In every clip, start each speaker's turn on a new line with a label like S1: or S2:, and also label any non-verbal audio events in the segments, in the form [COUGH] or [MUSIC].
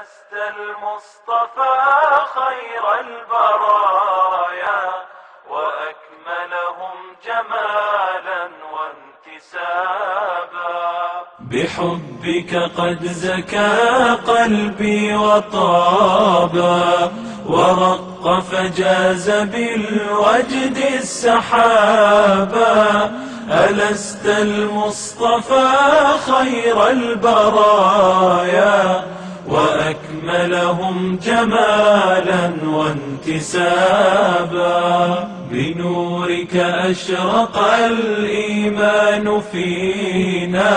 S1: لست المصطفى خير البرايا وأكملهم جمالا وانتسابا بحبك قد زكى قلبي وطابا ورق فجاز بالوجد السحابا ألست المصطفى خير البرايا وأكملهم جمالا وانتسابا بنورك أشرق الإيمان فينا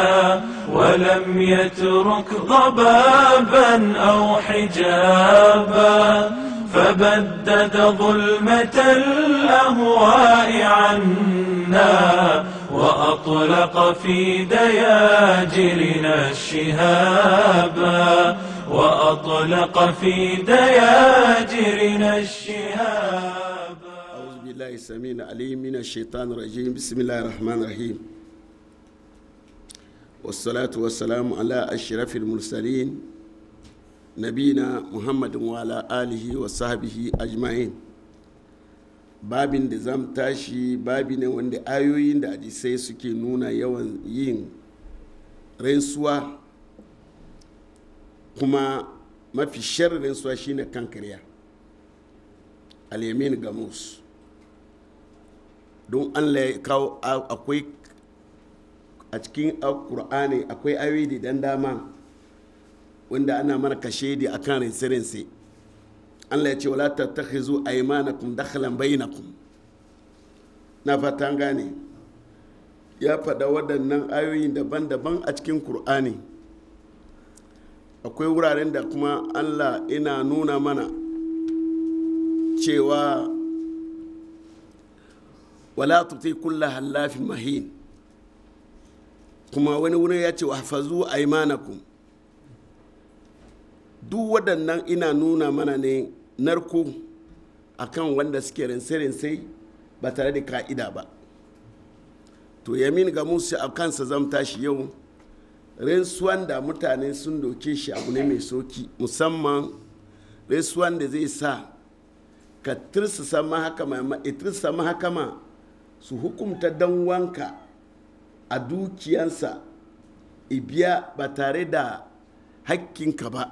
S1: ولم يترك ضبابا أو حجابا فبدد ظلمة الأهواء عنا وأطلق في دياجرنا الشهابا وأطلق في دياجرنا الشهاب
S2: أعوذ بالله السميع العليم من الشيطان الرجيم بسم الله الرحمن الرحيم والصلاة والسلام على أشرف المرسلين نبينا محمد وعلى آله وصحبه أجمعين babin da zam tashi babi ne wanda ayoyin da hadisai suke nuna yawan yin rantsuwa kuma mafi sharrin suwa shine kan kariya alyamin gamus don allah ya kawo akwai a cikin alkur'ani akwai ayoyi dan dama wanda ana mana kashe da kan rinse-rinse allah ya ce wala tattakhizu aymanakum dakhlan bainakum na fatan gane ya faɗa waɗannan ayoyi daban-daban a cikin kur'ani akwai wuraren da kuma allah ina nuna mana cewa wala tuti kulla hallafin mahin kuma wani wurin ya ce hafazu aimanakum duk waɗannan ina nuna mana ne narko akan wanda suke rinse-rinse ba tare da ka'ida ba to yamin ga musu a kansa zamta shi yau rinsuwan da mutane sun doke shi abu ne mai soki musamman rinsuwan da zai sa ka tirsasa mahakama su hukunta dan wanka a dukiyansa ibiya ba tare da hakkinka ba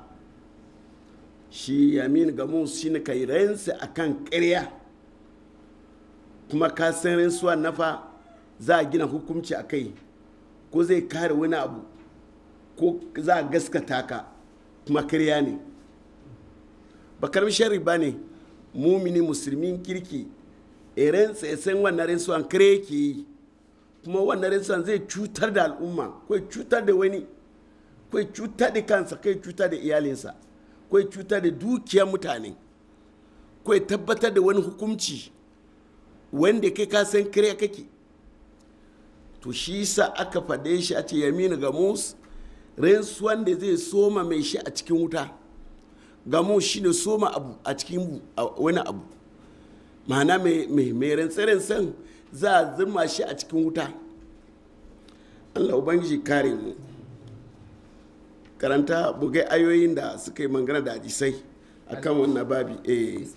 S2: shi yamin gamu shi ne ka yi rensa a kan ƙarya kuma ka san nafa za a gina hukunci a kai ko zai kare wani abu ko za a gaskata ka kuma karya ne ba karbi ba ne mumini musulmin kirki irin e tsaitsen e wannan rinsuwan kare ke yi kuma wannan rinsuwan zai cutar da al'umma ko cutar da wani ko cutar da kansa ko cutar da iyalinsa ko cutar da dukiyar mutane ko tabbatar da wani hukunci wanda kai ka san kare kake to shi sa aka fade shi a ce yamina ga musu. rantsuwan da zai soma mai shi a cikin wuta gamo shi ne soma abu a cikin wani abu ma'ana mai rantsen za a zama shi a cikin wuta allah ubangiji kare mu karanta bugai ayoyin da suka yi magana da ajisai a kan wannan babi eh.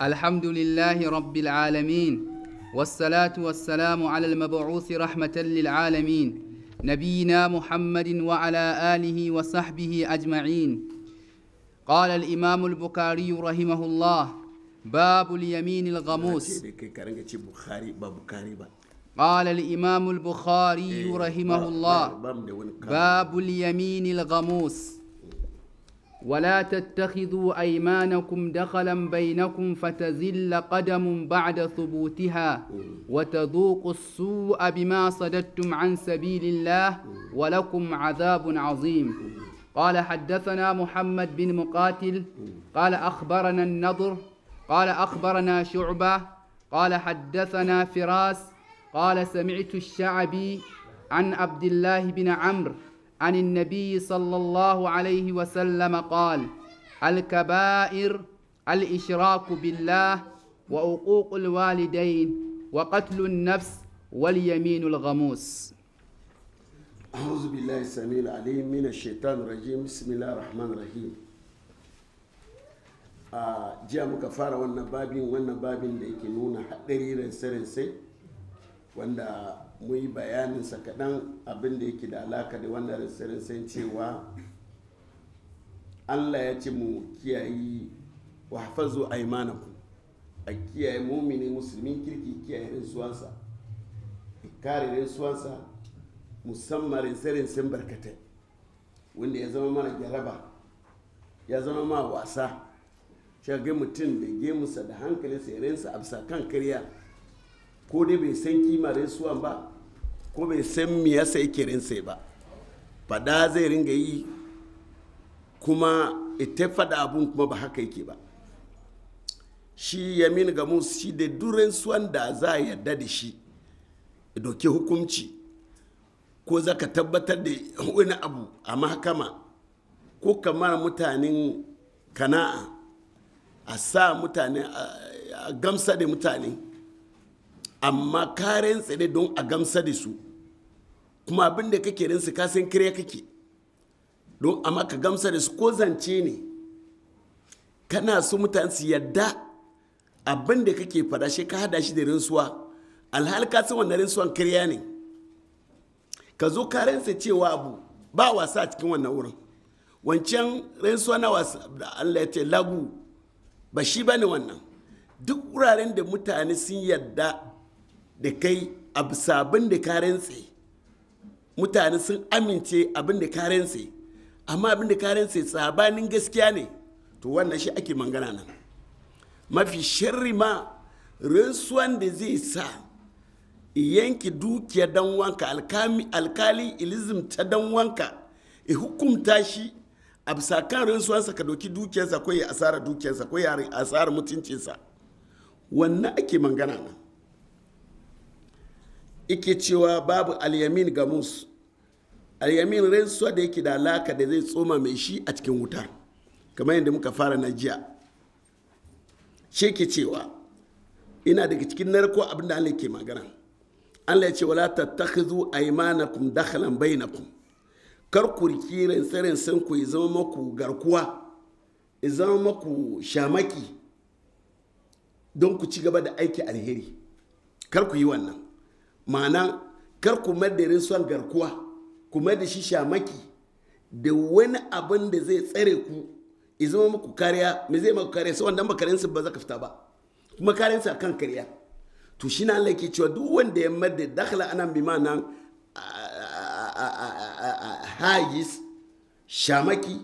S3: alhamdulillahi rabbil alamin والصلاة والسلام على المبعوث رحمة للعالمين نبينا محمد وعلى آله وصحبه أجمعين قال الإمام البخاري رحمه الله باب اليمين الغموس قال الإمام البخاري إيه، رحمه الله باب اليمين الغموس ولا تتخذوا ايمانكم دخلا بينكم فتزل قدم بعد ثبوتها وتذوقوا السوء بما صددتم عن سبيل الله ولكم عذاب عظيم قال حدثنا محمد بن مقاتل قال اخبرنا النضر قال اخبرنا شعبه قال حدثنا فراس قال سمعت الشعبي عن عبد الله بن عمرو عن النبي صلى الله عليه وسلم قال الكبائر الإشراك بالله وعقوق الوالدين وقتل النفس واليمين الغموس
S2: أعوذ بالله السميع العليم من الشيطان الرجيم بسم الله الرحمن الرحيم آه، جاء مكفارة muka fara wannan babin wannan babin da yake muyi yi bayaninsa kaɗan abin da yake da alaka da wannan rasirin cewa allah ya ce mu kiyayi wa hafazu aimanaku a kiyaye mumini musulmin kirki kiyaye rinsuwansa kare rinsuwansa musamman rinsirinsin barkatai wanda ya zama mana jaraba ya zama ma wasa shagin mutum da gemusa da hankalinsa ya rinsa a bisa kan karya ko dai bai san kima rinsuwan ba ko bai san me yasa yake sai ba fada zai ringa yi kuma ita fada abun kuma ba haka yake ba shi yamin ga musu shi da duren suwan da za a yarda da shi doki hukunci ko za ka tabbatar da wani abu a mahakama ko kamar mutanen kana'a a sa mutane a gamsa da mutane amma ka tsere don a gamsa da su kuma abin da kake rin su kasan kare kake don amma ka gamsa da su ko zance ne kana su mutane su yadda abin da kake fada shi ka hada shi da rinsuwa alhali ka san wannan rinsuwan kariya ne ka zo ka rantse cewa abu ba wasa a cikin wannan wurin wancan rinsuwa na wasa da Allah ya ce lagu ba shi ne wannan duk wuraren da mutane sun yadda da kai a bisa da ka mutane sun amince abin da ka amma abin da ka rantse sabanin gaskiya ne to wannan shi ake mangana nan mafi shirri ma rinsuwan da zai sa yanki dukiya dan wanka alkali ilizim ta dan wanka e hukumta shi a bisa kan rinsuwansa ka doki dukiyarsa ko ya asara dukiyarsa ko ya asara mutuncinsa wannan ake mangana nan ike cewa babu alyamin ga mus alyamin rantsuwa da yake da alaka da zai tsoma mai shi a cikin wuta kamar yadda muka fara na jiya shi ke cewa ina daga cikin narko abin da Allah ke magana Allah ya ce wala tattakhidhu aymanakum dakhlan bainakum kar ku riki rantsarin san ku ya zama maku garkuwa ya zama maku shamaki don ku ci gaba da aiki alheri kar ku yi wannan ma'ana kar ku da son garkuwa ku da shi shamaki da wani abin da zai tsare ku izama muku kariya me zai maku kariya sai makarin su ba za ka fita ba kuma kariyar sa kan kariya to shi na Allah ke cewa duk wanda ya madda dakhala ana bi ma'anan hajis shamaki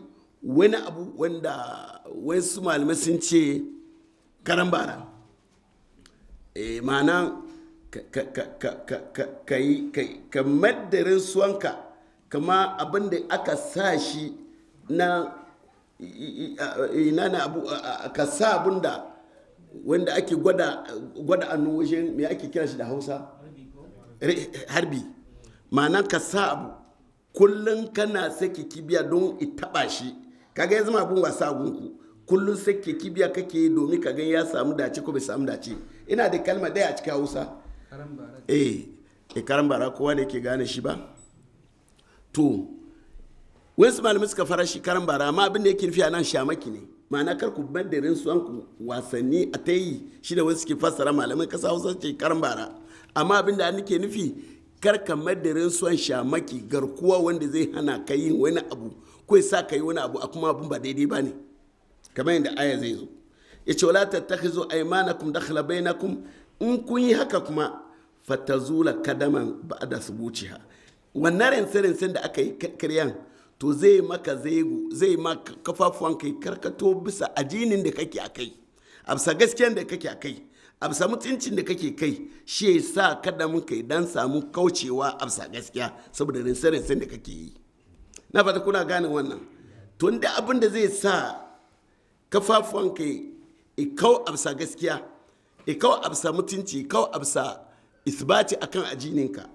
S2: wani abu wanda wasu malamai sun ce karambara eh, ma'ana ka maddarin suwanka kama abin da aka sa shi na ina na abu ka sa abin da wanda ake gwada annu wajen mai ake kira shi da hausa harbi ma'ana ka sa abu kullum kana sake kibiya don itaba shi kaga ya zama abin wasa gunku kullum sake kibiya kake domin ka gan ya samu dace ko bai samu dace ina da kalma daya a cikin hausa eh, eh karan bara kowa ne ke gane shi ba to wasu malamai suka fara shi karan bara amma abin da yake nufi a nan shamaki ne ma'ana kar ku bar da an ku wasanni a ta yi shi da wasu ke fassara malamai kasa hausa ce karan bara amma abin da nake nufi kar ka rinsu son shamaki garkuwa wanda zai hana ka yin wani abu ko ya sa ka yi wani abu a kuma abin ba daidai ba ne kamar yadda aya zai zo ya ce wala tattakhizu aymanakum dakhla bainakum in kun yi haka kuma zula kadaman ba da su ha wannan rinse-rinsen da aka yi karyan to zai maka zai maka kafafuwan kai karkato bisa ajinin da kake a kai a bisa gaskiyan da kake a kai a bisa mutuncin da kake kai shi sa kada kai dan samu kaucewa a bisa gaskiya saboda rinse-rinsen da kake yi na fata kuna gane wannan tun da abin da zai sa kafafuwan kai kau a bisa gaskiya e kawai absa mutunci kawai absa isbati akan ajininka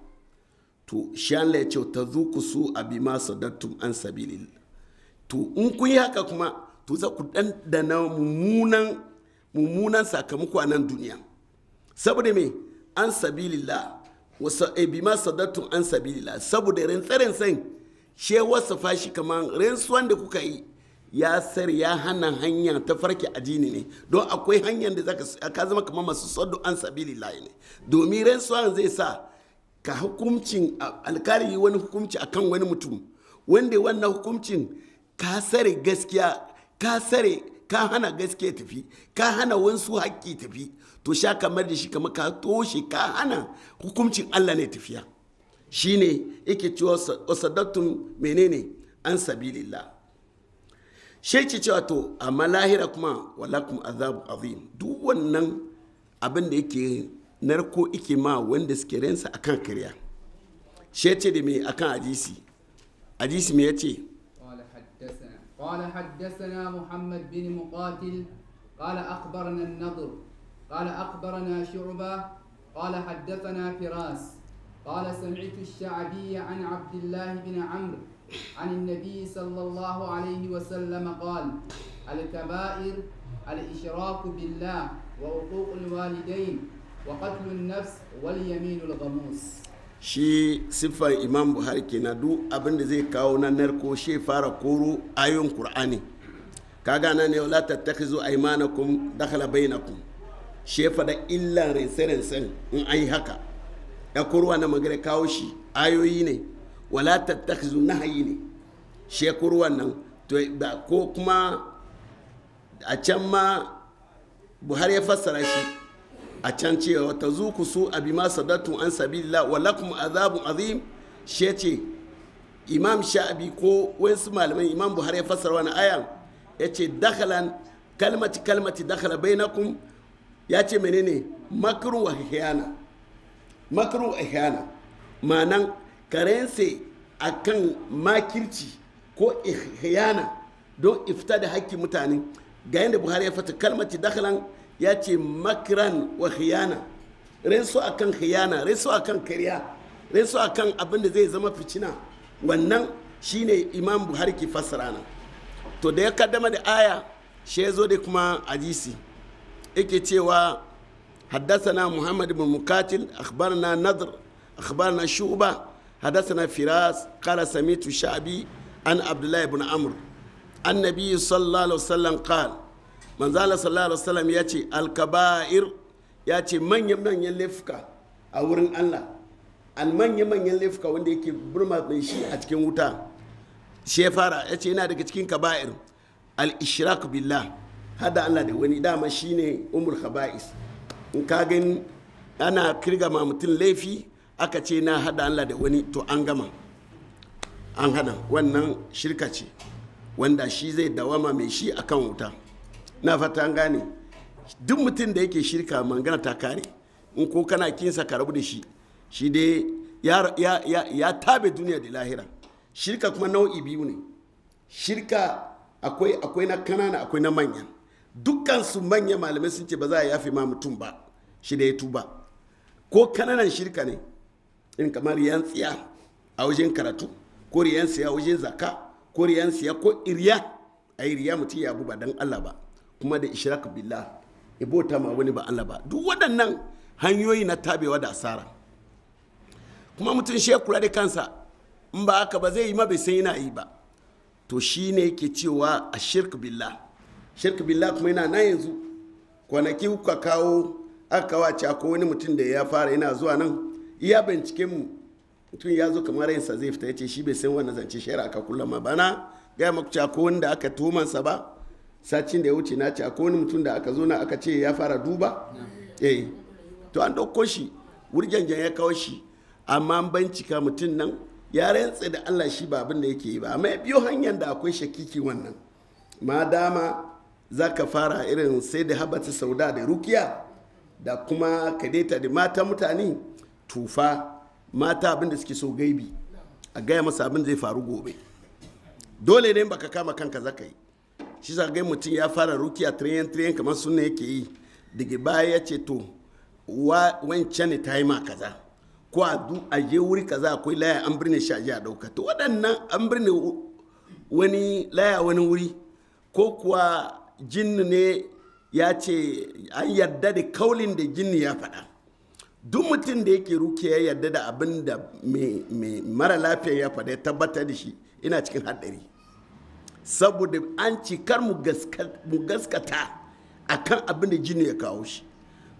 S2: to shi an ya ce ta zuku su abi ma sadattum an sabilil to in kun yi haka kuma to za ku dandana mummunan mummunan sakamako a nan duniya saboda me an sabilillah wasu abi e, ma sadattum an sabilillah saboda rantsarin san she wasafa kaman kamar rantsuwan da kuka yi ya sar ya hana hanya ta farki addini ne don akwai hanyar da ka zama kamar masu saddu an sabili layi ne domin rantsuwan zai sa ka hukuncin alkali wani hukunci kan wani mutum wanda wannan hukuncin ka sare gaskiya ka sare ka hana gaskiya tafi ka hana wansu haƙƙi tafi to sha kamar da shi kamar ka toshe ka hana hukuncin allah ne tafiya shine yake cewa wasadattun menene an sabilillah shi wato cewa to amma lahira kuma walakum azabu azim duk wannan abin da yake narko ike ma wanda suke rensa akan kariya shi ce da akan hadisi hadisi me yace
S3: قال حدثنا محمد بن مقاتل قال أخبرنا النضر قال أخبرنا شعبة قال حدثنا فراس قال سمعت الشعبي عن عبد الله بن عمرو عن النبي صلى الله عليه وسلم قال الكبائر الإشراك بالله وعقوق الوالدين وقتل النفس واليمين الغموس
S2: shi siffar imam buhari na duk abin da zai kawo na narko shi fara koro ayon qur'ani kaga na ne la tattakhizu aymanakum dakhala bainakum shi fada illa rinsen in an yi haka ya koro na magana kawo shi ayoyi ne wala tattakhizu nahayi ne shekuru wannan to ko kuma a can ma buhari ya fassara shi a can cewa ta zuku su abi ma sadatu an sabilillah wa azabu azabun azim shi ce imam sha'abi ko wasu malaman imam buhari ya fassara wani aya ya ce dakhalan kalmati kalmati dakhala bainakum ya ce menene makarun wa hiyana makrun wa hiyana ma'anan karense a kan makirci ko ihyana don ifta da hakkin mutane ga yadda buhari ya fata kalmaci dakhalan ya ce makiran wa khiyana reso a kan khiyana reso a kan karya reso a kan abin da zai zama ficina wannan shine imam buhari ke fassara nan to da ya kaddama da aya shi ya zo da kuma hadisi yake cewa haddasa na muhammad bin mukatil akhbarna nadr akhbarna shuba حدثنا فراس قال سميت شعبي عن عبد الله بن عمرو النبي صلى الله عليه وسلم قال من زال صلى الله عليه وسلم ياتي الكبائر ياتي من يمن يلفك أورن الله المن يمن يلفك وندي برما بنشي أتكين وتا شيفارا ياتي هنا دك تكين كبائر الإشراك بالله هذا الله ده وني دام شيني أم الخبائث in ka gani ana kirga ma mutum laifi aka ce na hada Allah da wani to an gama an hada wannan shirka ce wanda shi zai dawama mai shi akan wuta na fata an gane duk mutum da yake shirka mangana ta kare in ko kana kinsa ka rabu da shi shi dai ya, ya, ya, ya tabe duniya da lahira shirka kuma nau'i biyu ne shirka akwai akwai na kanana akwai na manya dukkan su manya malamai sun ce ba za a yafe ma mutum ba shi da ya tuba ko kananan shirka ne in kamar yantsiya tsiya a wajen karatu ko riyan a wajen zaka ko riyan tsiya ko iriya a iriya mutum ya bu ba dan Allah ba kuma da ishraku billah ibota ma wani ba Allah ba duk waɗannan hanyoyi na tabewa da asara kuma mutum shi kula da kansa in ba haka ba zai yi ma bai san yana yi ba to shi ne yake cewa a shirk billah shirk billah kuma yana nan yanzu kwanaki kuka kawo aka kawace ko wani mutum da ya fara yana zuwa nan iya bincike mu mutum ya zo kamar yinsa zai fita ya ce shi bai san wannan zance shari'a aka kullum ma bana ga maku cewa ko wanda aka tumansa ba sacin da ya wuce na ce akwai wani mutum da aka zo na aka ce ya fara duba eh to an ɗauko shi wurjanjan ya kawo shi amma an bincika mutum nan ya rantse da allah shi ba abin da yake yi ba amma ya biyo hanyar da akwai shakiki wannan ma dama za ka fara irin sai da habata sauda da rukiya da kuma kadeta da matan mutane tufa mata abinda suke so gaibi a gaya masa abin zai faru gobe dole ne baka kama kanka zaka yi shi za gai mutum ya fara rukiya tiriyan tiriyan kamar suna yake yi daga baya ya ce to wancan ne ta yi ma kaza ko a du a je wuri kaza akwai laya an birne shi a je a dauka to waɗannan an birne wani laya wani wuri ko kuwa jinni ne ya ce an yarda da kaulin da jinni ya faɗa duk mutum da yake ruke ya yarda da abin da mai mara lafiya ya faɗa ya tabbatar da shi ina cikin haɗari saboda an cikar mu gaskata a kan abin da jini ya kawo shi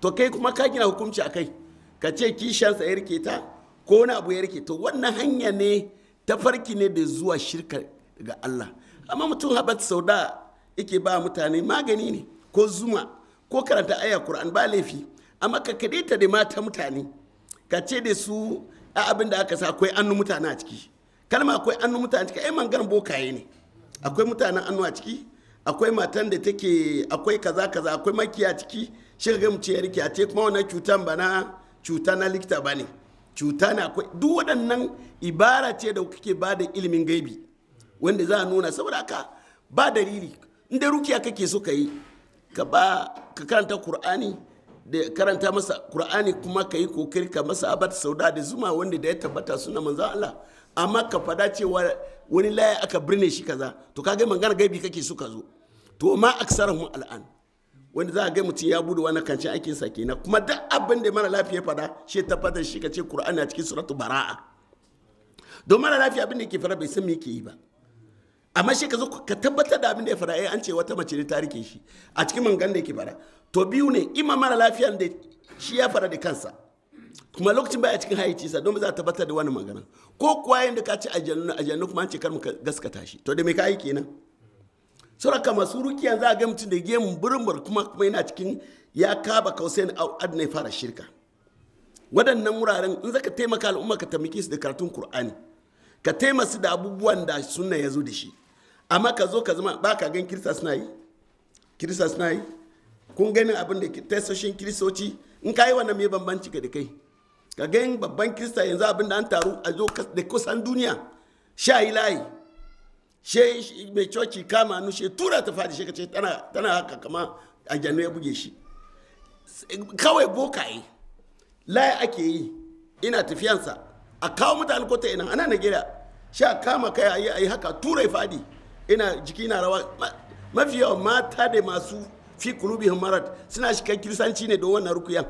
S2: to kai kuma ka gina hukunci a kai ka ce kishansa ya rike ta ko wani abu ya rike to wannan hanya ne ta farki ne da zuwa shirka ga Allah amma mutum habat sauda yake ba mutane magani ne ko zuma ko karanta aya Qur'an ba laifi amma ka ta da mata mutane ka ce da su a abin da aka sa akwai annu mutane a ciki kalma akwai annu mutane a ciki ai mangaran bokaye ne akwai mutanen annu a ciki akwai matan da take akwai kaza kaza akwai makiya a ciki shi ga mu ce rike a ce kuma wannan cutan ba na cuta na likita ba ne cuta na akwai duk waɗannan ibara ce da kake ba da ilimin gaibi wanda za a nuna saboda haka ba dalili in rukiya kake so ka yi ka ba ka karanta qur'ani da karanta masa qur'ani kuma ka yi kokari ka masa abata sau da zuma wanda da ya tabbata suna manzan Allah amma ka fada cewa wani laye aka birne shi kaza to kage magana gaibi kake so ka zo to ma mu al'an wanda za a ga mutum ya bude wani kancin aikin sa kenan kuma duk abin da mara lafiya fada shi tabbata shi ka ce qur'ani a cikin suratu bara'a don mara lafiya abin da yake fara bai san me yake yi ba amma shi ka zo ka tabbatar da abin da ya fara eh an ce wata mace ne ta rike shi a cikin mangan da yake fara to biyu ne ima mara lafiyan da shi ya fara da kansa kuma lokacin baya cikin haici sa don ba za ta tabbatar da wani magana ko kuwa da ka ci ajannu ajannu kuma an ce kar mu gaskata shi to da mai ka yi kenan suraka masu rukiya za a ga mutum da gemu burumbur kuma kuma yana cikin ya kaba kausain ad ne fara shirka waɗannan wuraren in zaka taimaka al'umma ka taimake su da karatun qur'ani ka taimaka su da abubuwan da sunna ya zo da shi amma ka zo ka zama ba ka gan kirista suna yi kirista suna yi kun ganin abin da tasashin kiristoci in ka yi wannan mai bambanci ka da kai ka ga babban kirista yanzu abin da an taru a zo da kusan duniya sha yi layi she mai coci kama nu she tura ta fadi she kace tana haka kama a janu ya buge shi kawai bokaye layi ake yi ina tafiyansa a kawo mutane kota ina ana shi sha kama kai a yi haka tura ya fadi ina jiki na rawa mafi yawan mata da masu fi kulubihin marad suna shiga kirsanci ne don wannan rukuyan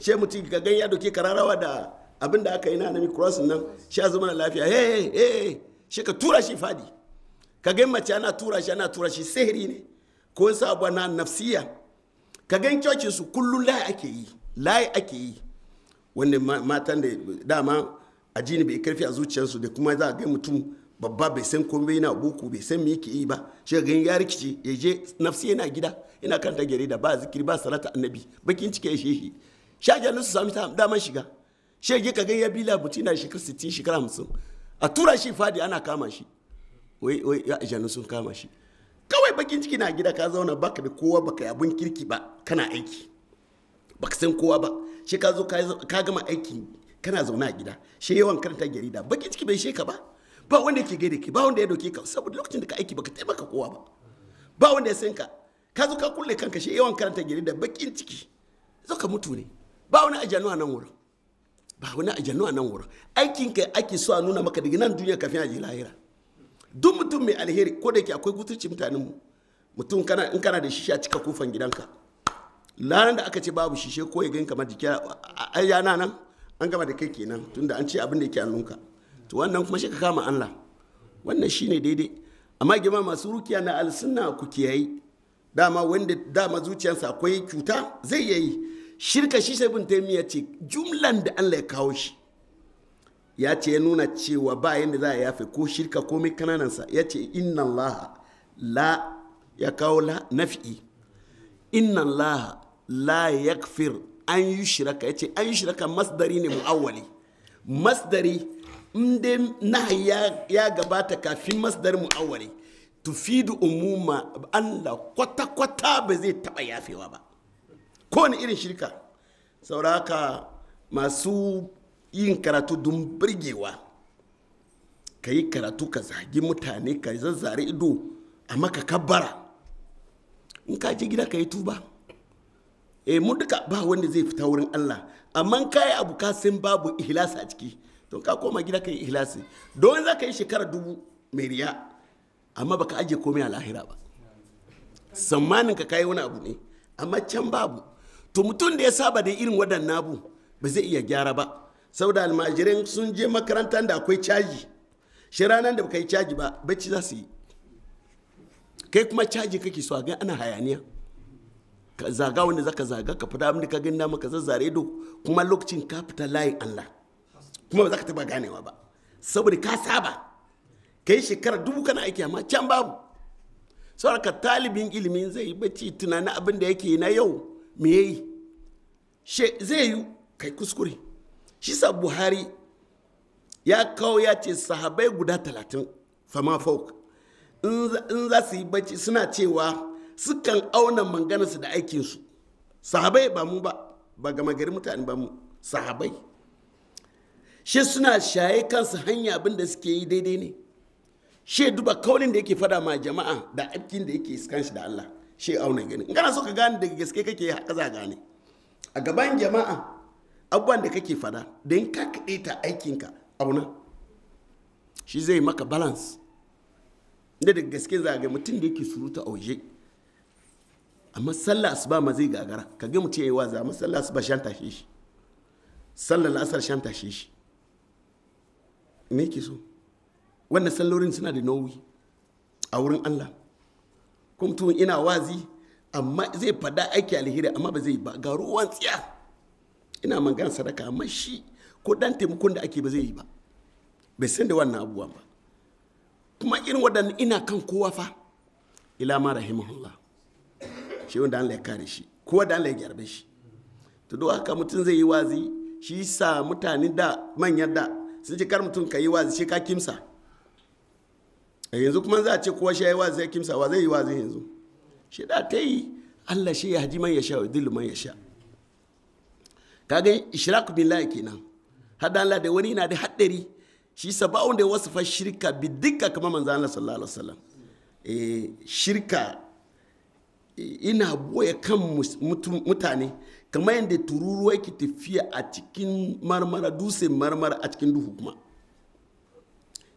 S2: she mutum ga gan ya doke kararawa da abin da aka yi na nami crossing nan sha zama na lafiya he he she ka tura shi fadi ka gan mace ana tura shi ana tura shi sihiri ne ko wani abu na nafsiya ka gan cocin su kullum layi ake yi layi ake yi wanda matan da dama ajini bai karfi a zuciyarsu da kuma za a ga mutum babba bai san komai yana boko bai san me yake yi ba shi ga ya rikici ya je nafsi yana gida yana karanta jarida ba zikiri ba salata annabi bakin cike ya shehi shagen su sami dama shiga shege ka ga ya bila butina shekar 60 shekar 50 a tura shi fadi ana kama shi wai wai ya ajanu sun kama shi kawai bakin ciki na gida ka zauna baka da kowa baka abun kirki ba kana aiki baka san kowa ba shi ka zo ka gama aiki kana zauna a gida shi yawan karanta jarida bakin ciki bai sheka ba ba wanda yake gaida ke ba wanda ya dauke ka saboda lokacin da ka aiki baka taimaka kowa ba ba wanda ya san ka ka zo ka kulle kanka shi yawan karanta gari da bakin ciki zo ka mutu ne ba wani ajanu a nan wurin ba wani ajanu a nan wurin aikin ka ake so a nuna maka daga nan duniya kafin a lahira duk mutum mai alheri ko da yake akwai gutuci mutanen mu mutum kana in kana da shisha cika kofan gidanka lanar da aka ce babu shishe ko ya gani kamar jiki a yana nan an gama da kai kenan tunda an ce abin da yake hannunka to wannan kuma shi ka kama Allah wannan shine daidai amma gima masu rukiya na alsunna ku kiyayi dama wanda dama zuciyarsa akwai cuta zai yayi shirka shi sai bin taimiyya ce jumlan da Allah ya kawo shi ya ce ya nuna cewa ba yadda za a yafe ko shirka ko mai kananansa ya ce inna Allah la ya kawo la nafi'i inna Allah la yakfir an yi shiraka ya ce an yi shiraka masdari ne mu'awwali masdari inda na ya gabata kafin masdar mu'awwali tufidu umuma Allah kwata-kwata ba zai taba yafewa ba ko kowane irin shirka sauraka masu yin karatu don birgewa ka yi karatu ka zagi mutane ka zazzare ido a maka kabbara in ka je gida ka yi tuba e mu duka ba wanda zai fita wurin Allah amma kai abu ka babu ihlasa a ciki to ka koma gida ka yi ihlasi don za ka yi shekara dubu mai riya amma baka ajiye komai a lahira ba tsammanin ka kayi wani abu ne amma can babu to mutum da ya saba da irin waɗannan abu ba zai iya gyara ba saboda almajirin sun je makarantar da akwai caji shi ranar da baka yi caji ba bacci za su yi kai kuma caji kake so a ga ana hayaniya ka zaga wanda zaka zaga ka fita abin da ka gani maka zazzare do kuma lokacin ka fita layin Allah kuma ba za ka taba ganewa ba saboda ka saba ka yi shekara dubu kana aiki amma can babu ka talibin ilimin zai yi bacci tunanin abin da yake na yau me yayi zai yi kai kuskure shi sa buhari ya kawo ya ce sahabai guda talatin fama folk in za su yi bacci suna cewa sukan auna manganarsu da aikinsu sahabai ba mu ba ba gama gari mutane ba mu sahabai shi suna shaye kansu hanya abin da suke yi daidai ne shi duba kaunin da yake fada ma jama'a da aikin da yake iskan shi da Allah shi auna gani in kana so ka gane daga gaske kake haka za gane a gaban jama'a abubuwan da kake fada da in ka kaɗe ta aikinka auna shi zai maka balance da daga gaske za ga mutum da yake surutu a waje amma sallah asuba ma zai gagara ka ga mutum yayi waza amma sallah asuba shan tashe shi sallar asar shan tashe shi me ke so wannan sallorin suna da nauyi a wurin allah kuma mutum ina wazi amma zai fada aiki alheri amma ba zai ba ga ruwan tsiya ina magana sadaka amma shi ko dan taimakon da ake ba zai yi ba bai san da wannan abuwa ba kuma irin waɗannan ina kan kowa fa ila ma rahimahullah shi wanda Allah ya kare shi kowa da Allah ya gyarbe shi to do haka mutum zai yi wazi shi sa mutane da manyan da sun ce kar mutum ka yi wazi shi ka kimsa eh, yanzu kuma za a ce kowa shi ya yi wazi ya kimsa wa zai yi wazi yanzu shi da ta yi allah shi ya haji man ya sha wa dillu man ya sha ka kaga ishraku billahi kenan hada allah da wani na da haɗari shi sabawun da wasu fa shirka bi dukka kamar manzo Allah sallallahu alaihi wasallam eh, shirka eh, ina boye kan mutane kamar yadda tururuwa ke tafiya a cikin marmara dutse marmara a cikin duhu kuma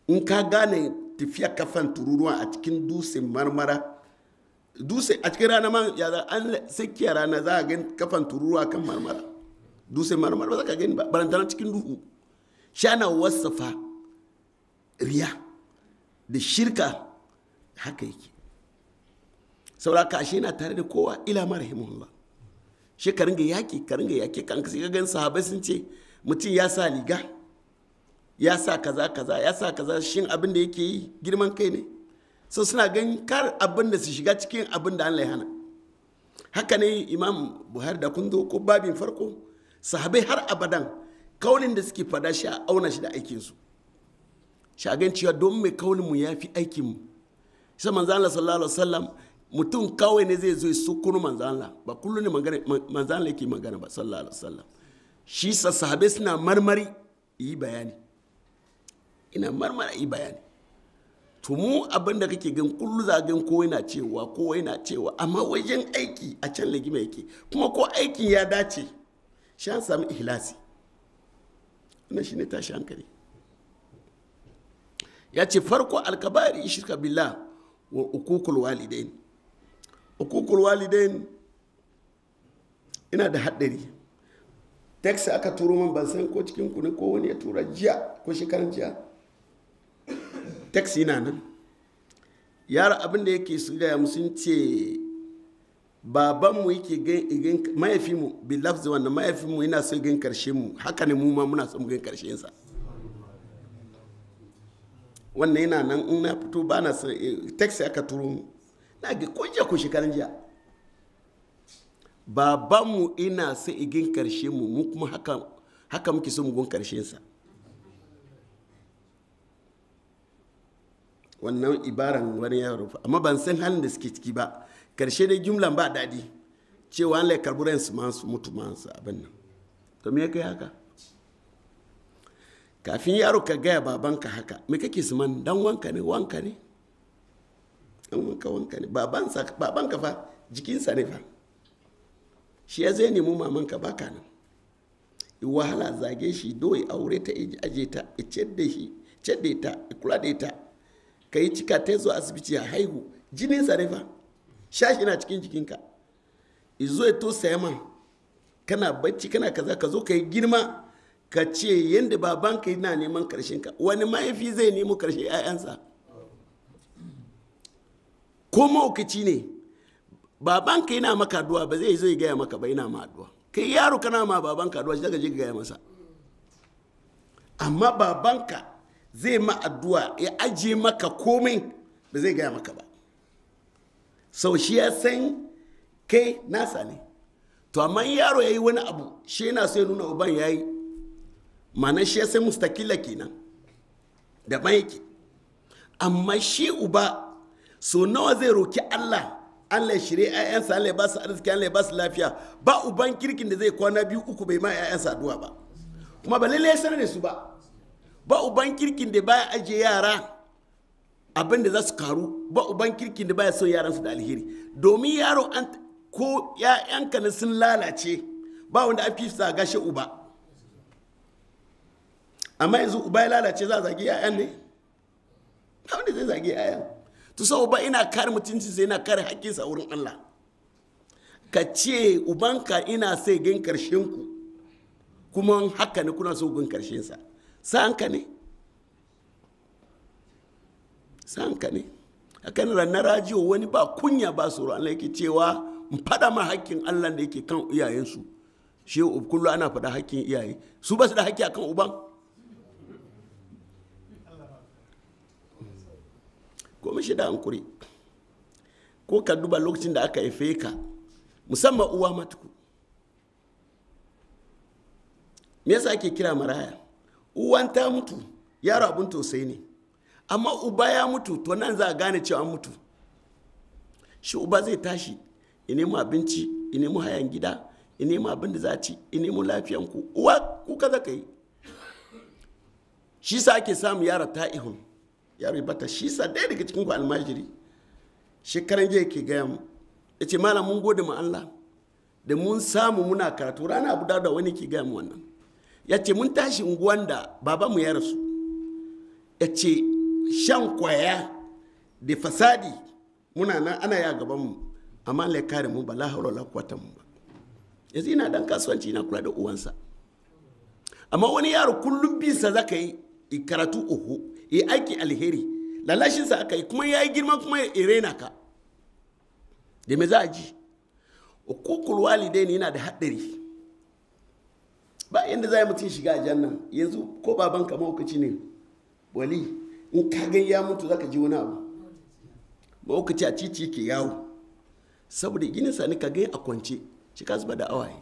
S2: in ka gane tafiya kafan tururuwa a cikin dutse marmara dutse a cikin rana man ya an sakiya rana za a gan kafan tururuwa kan marmara dutse marmara ba za ka gani ba barantana cikin duhu shana wasafa riya da shirka haka yake saboda ka na tare da kowa ila marahimullah shi ka ringa yaki ka ringa kan ka gan sahabai sun ce mutum ya sa liga ya sa kaza kaza ya sa kaza shin abin da yake yi girman kai ne so suna gan kar abin da su shiga cikin abin da Allah ya hana haka ne imam buhari da kundo ko babin farko sahabai har abadan kaunin da suke fada shi a auna shi da aikinsu shagan cewa don mai kaunin mu ya fi aikin mu sai manzo Allah sallallahu alaihi mutum kawai ne zai zo su kunu manzala ba kullum ne manzala yake magana ba sallallahu alaihi wasallam shi sahabe suna marmari yi bayani ina marmari yi bayani tumu abin da kake gan kullu za gan kowai yana cewa kowai yana cewa amma wajen aiki a can lagima yake kuma ko aikin ya dace shi an sami ihlasi shi ne tashi hankali ya ce farko alkabari shirka billah wa ukukul walidain hukukul walidain ina da haddari taxi aka turo man ban san ko cikin ku ne ko wani ya tura jiya ko shekaran jiya taxi na nan yara abin da yake su gaya mu sun ce babanmu yake gan mahaifinmu bi lafzi wannan mahaifinmu yana so gan karshe mu haka ne mu ma muna so gan karshe sa wannan yana nan in na fito ba na eh, taxi aka turo mu na ga ko jiya ko shekaran jiya babanmu ina sa igin karshe mu mu kuma haka haka muke so mu gun sa wannan ibaran wani yaro amma ban san halin da suke ciki ba karshe dai jumla ba daɗi cewa an laikar buren su ma su mutu ma su abin nan to me kai haka kafin yaro ka gaya babanka haka me kake su man dan wanka ne wanka ne dan wanka ne baban ka fa jikinsa ne fa shi ya zai mamanka ba ka baka nan wahala zage shi doyi aure ta aje ta da shi ta kula da ta ka yi cika ta zo asibiti a haihu jininsa ne fa shashi na cikin jikinka izo ya to sayama kana bacci kana kaza ka zo ka yi girma ka ce yadda babanka yana neman karshen ka wani mahaifi zai nemo karshen 'ya'yansa ko maukaci ne babanka yana maka addu'a ba zai zai gaya maka ba yana ma addu'a kai yaro kana ma babanka addu'a shi daga je gaya masa amma babanka zai ma addu'a ya aje maka komai ba zai gaya maka ba sau shi ya san kai nasa ne to amma yaro ya yi wani abu shi yana so ya nuna uban ya yi ma'ana shi ya san mustakila kenan da ban yake amma shi uba so nawa zai roki Allah Allah shirye ƴaƴansa Allah ya ba su arziki Allah ya ba su lafiya ba uban kirkin da zai kwana biyu uku bai ma ƴaƴansa addu'a ba kuma ba lalle ya sanar da su ba ba uban kirkin da baya aje yara abin da za su karu ba uban kirkin da baya son yaransu da alheri domin yaro an ko ƴaƴanka ne sun lalace ba wanda an fi sa gashi uba amma yanzu uba ya lalace za a zagi 'ya'yan ne ba wanda zai zagi 'ya'yan to sau ina ina kare sai yana kare haƙƙinsa wurin Allah ka ce ubanka ina sai gin karshen ku kuma haka ne kuna so gin karshen sa sanka ne sanka ne akan na rajiyo wani ba kunya ba su Allah yake cewa mu faɗa ma haƙƙin Allah da yake kan iyayensu shi kullu ana fada haƙƙin iyaye su ba su da haƙƙi akan uban komai shi da hankuri ko ka duba lokacin da aka haife ka musamman uwa matuku me yasa ake kira maraya uwan ta mutu yaro abun tosai ne amma uba ya mutu to nan za a gane cewa an mutu shi uba zai tashi in nemo abinci in nemo hayan gida in nemo abin da za ci in nemo lafiyanku uwa kuka za ka yi shi sa ake samu yara ta ta'ihun ya ya bata shi sa ɗaya daga cikin ku almajiri shekaran jiya ke gaya mu ya ce malam mun gode ma Allah da mun samu muna karatu rana abu da wani ke gaya mu wannan ya ce mun tashi unguwan da baba mu ya rasu ya ce shan kwaya da fasadi muna nan ana ya gaban mu amma lai kare mu ba la haula mu ba mu yanzu ina dan kasuwanci ina kula da uwansa amma wani yaro kullum bisa zaka yi karatu uhu yi aiki alheri lalashinsa aka yi kuma ya yi girma kuma ya irena ka da me za a ji hukukul walidai yana da haɗari ba yadda za a mutum shiga a nan yanzu ko baban ka maukaci ne wali in ka gan ya mutu zaka ji wani abu maukaci a cici ke yawo saboda gininsa ne ka gan a kwance shi ka zuba da awaye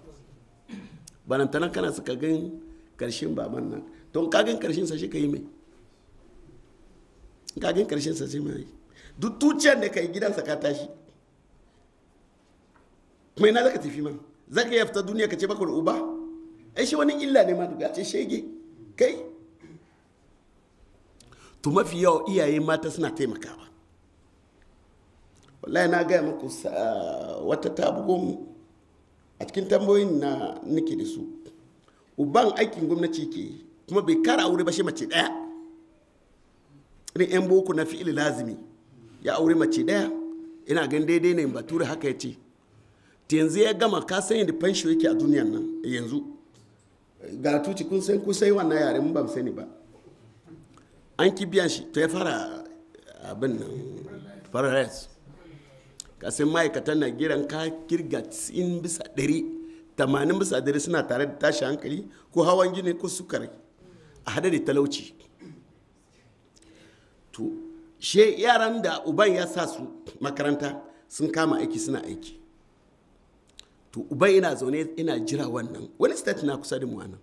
S2: barantana kana suka gan karshen baban nan don ka gan karshen sa shi ka yi mai kagin karshen sa sai mai duk tuciyar da kai gidansa ka tashi kuma ina zaka tafi ma zaka iya fita duniya ka ce baka uba ai shi wani illa ne ma duka ce shege kai to mafi yawa iyaye mata suna taimakawa wallahi na gaya muku wata ta a cikin tambayoyin na nake da su uban aikin gwamnati ke kuma bai kara aure ba shi mace daya irin yan boko na fi'il lazimi ya aure mace daya ina gan daidai ne bature haka ya ce ta yanzu ya gama ka san yadda fanshi yake a duniyan nan eh, yanzu ga tuci kun san sai wannan ba mu sani ba an ki biyan shi to ya fara eh, abin nan fara san ma'aikatan na giran ka kirga 90 bisa ɗari 80 bisa ɗari suna tare da tashi hankali ko hawan gini ko sukari a hada da talauci su she yaran da uban ya sa su makaranta sun kama aiki suna aiki to uban ina zaune ina jira wannan wani state na kusa da mu nan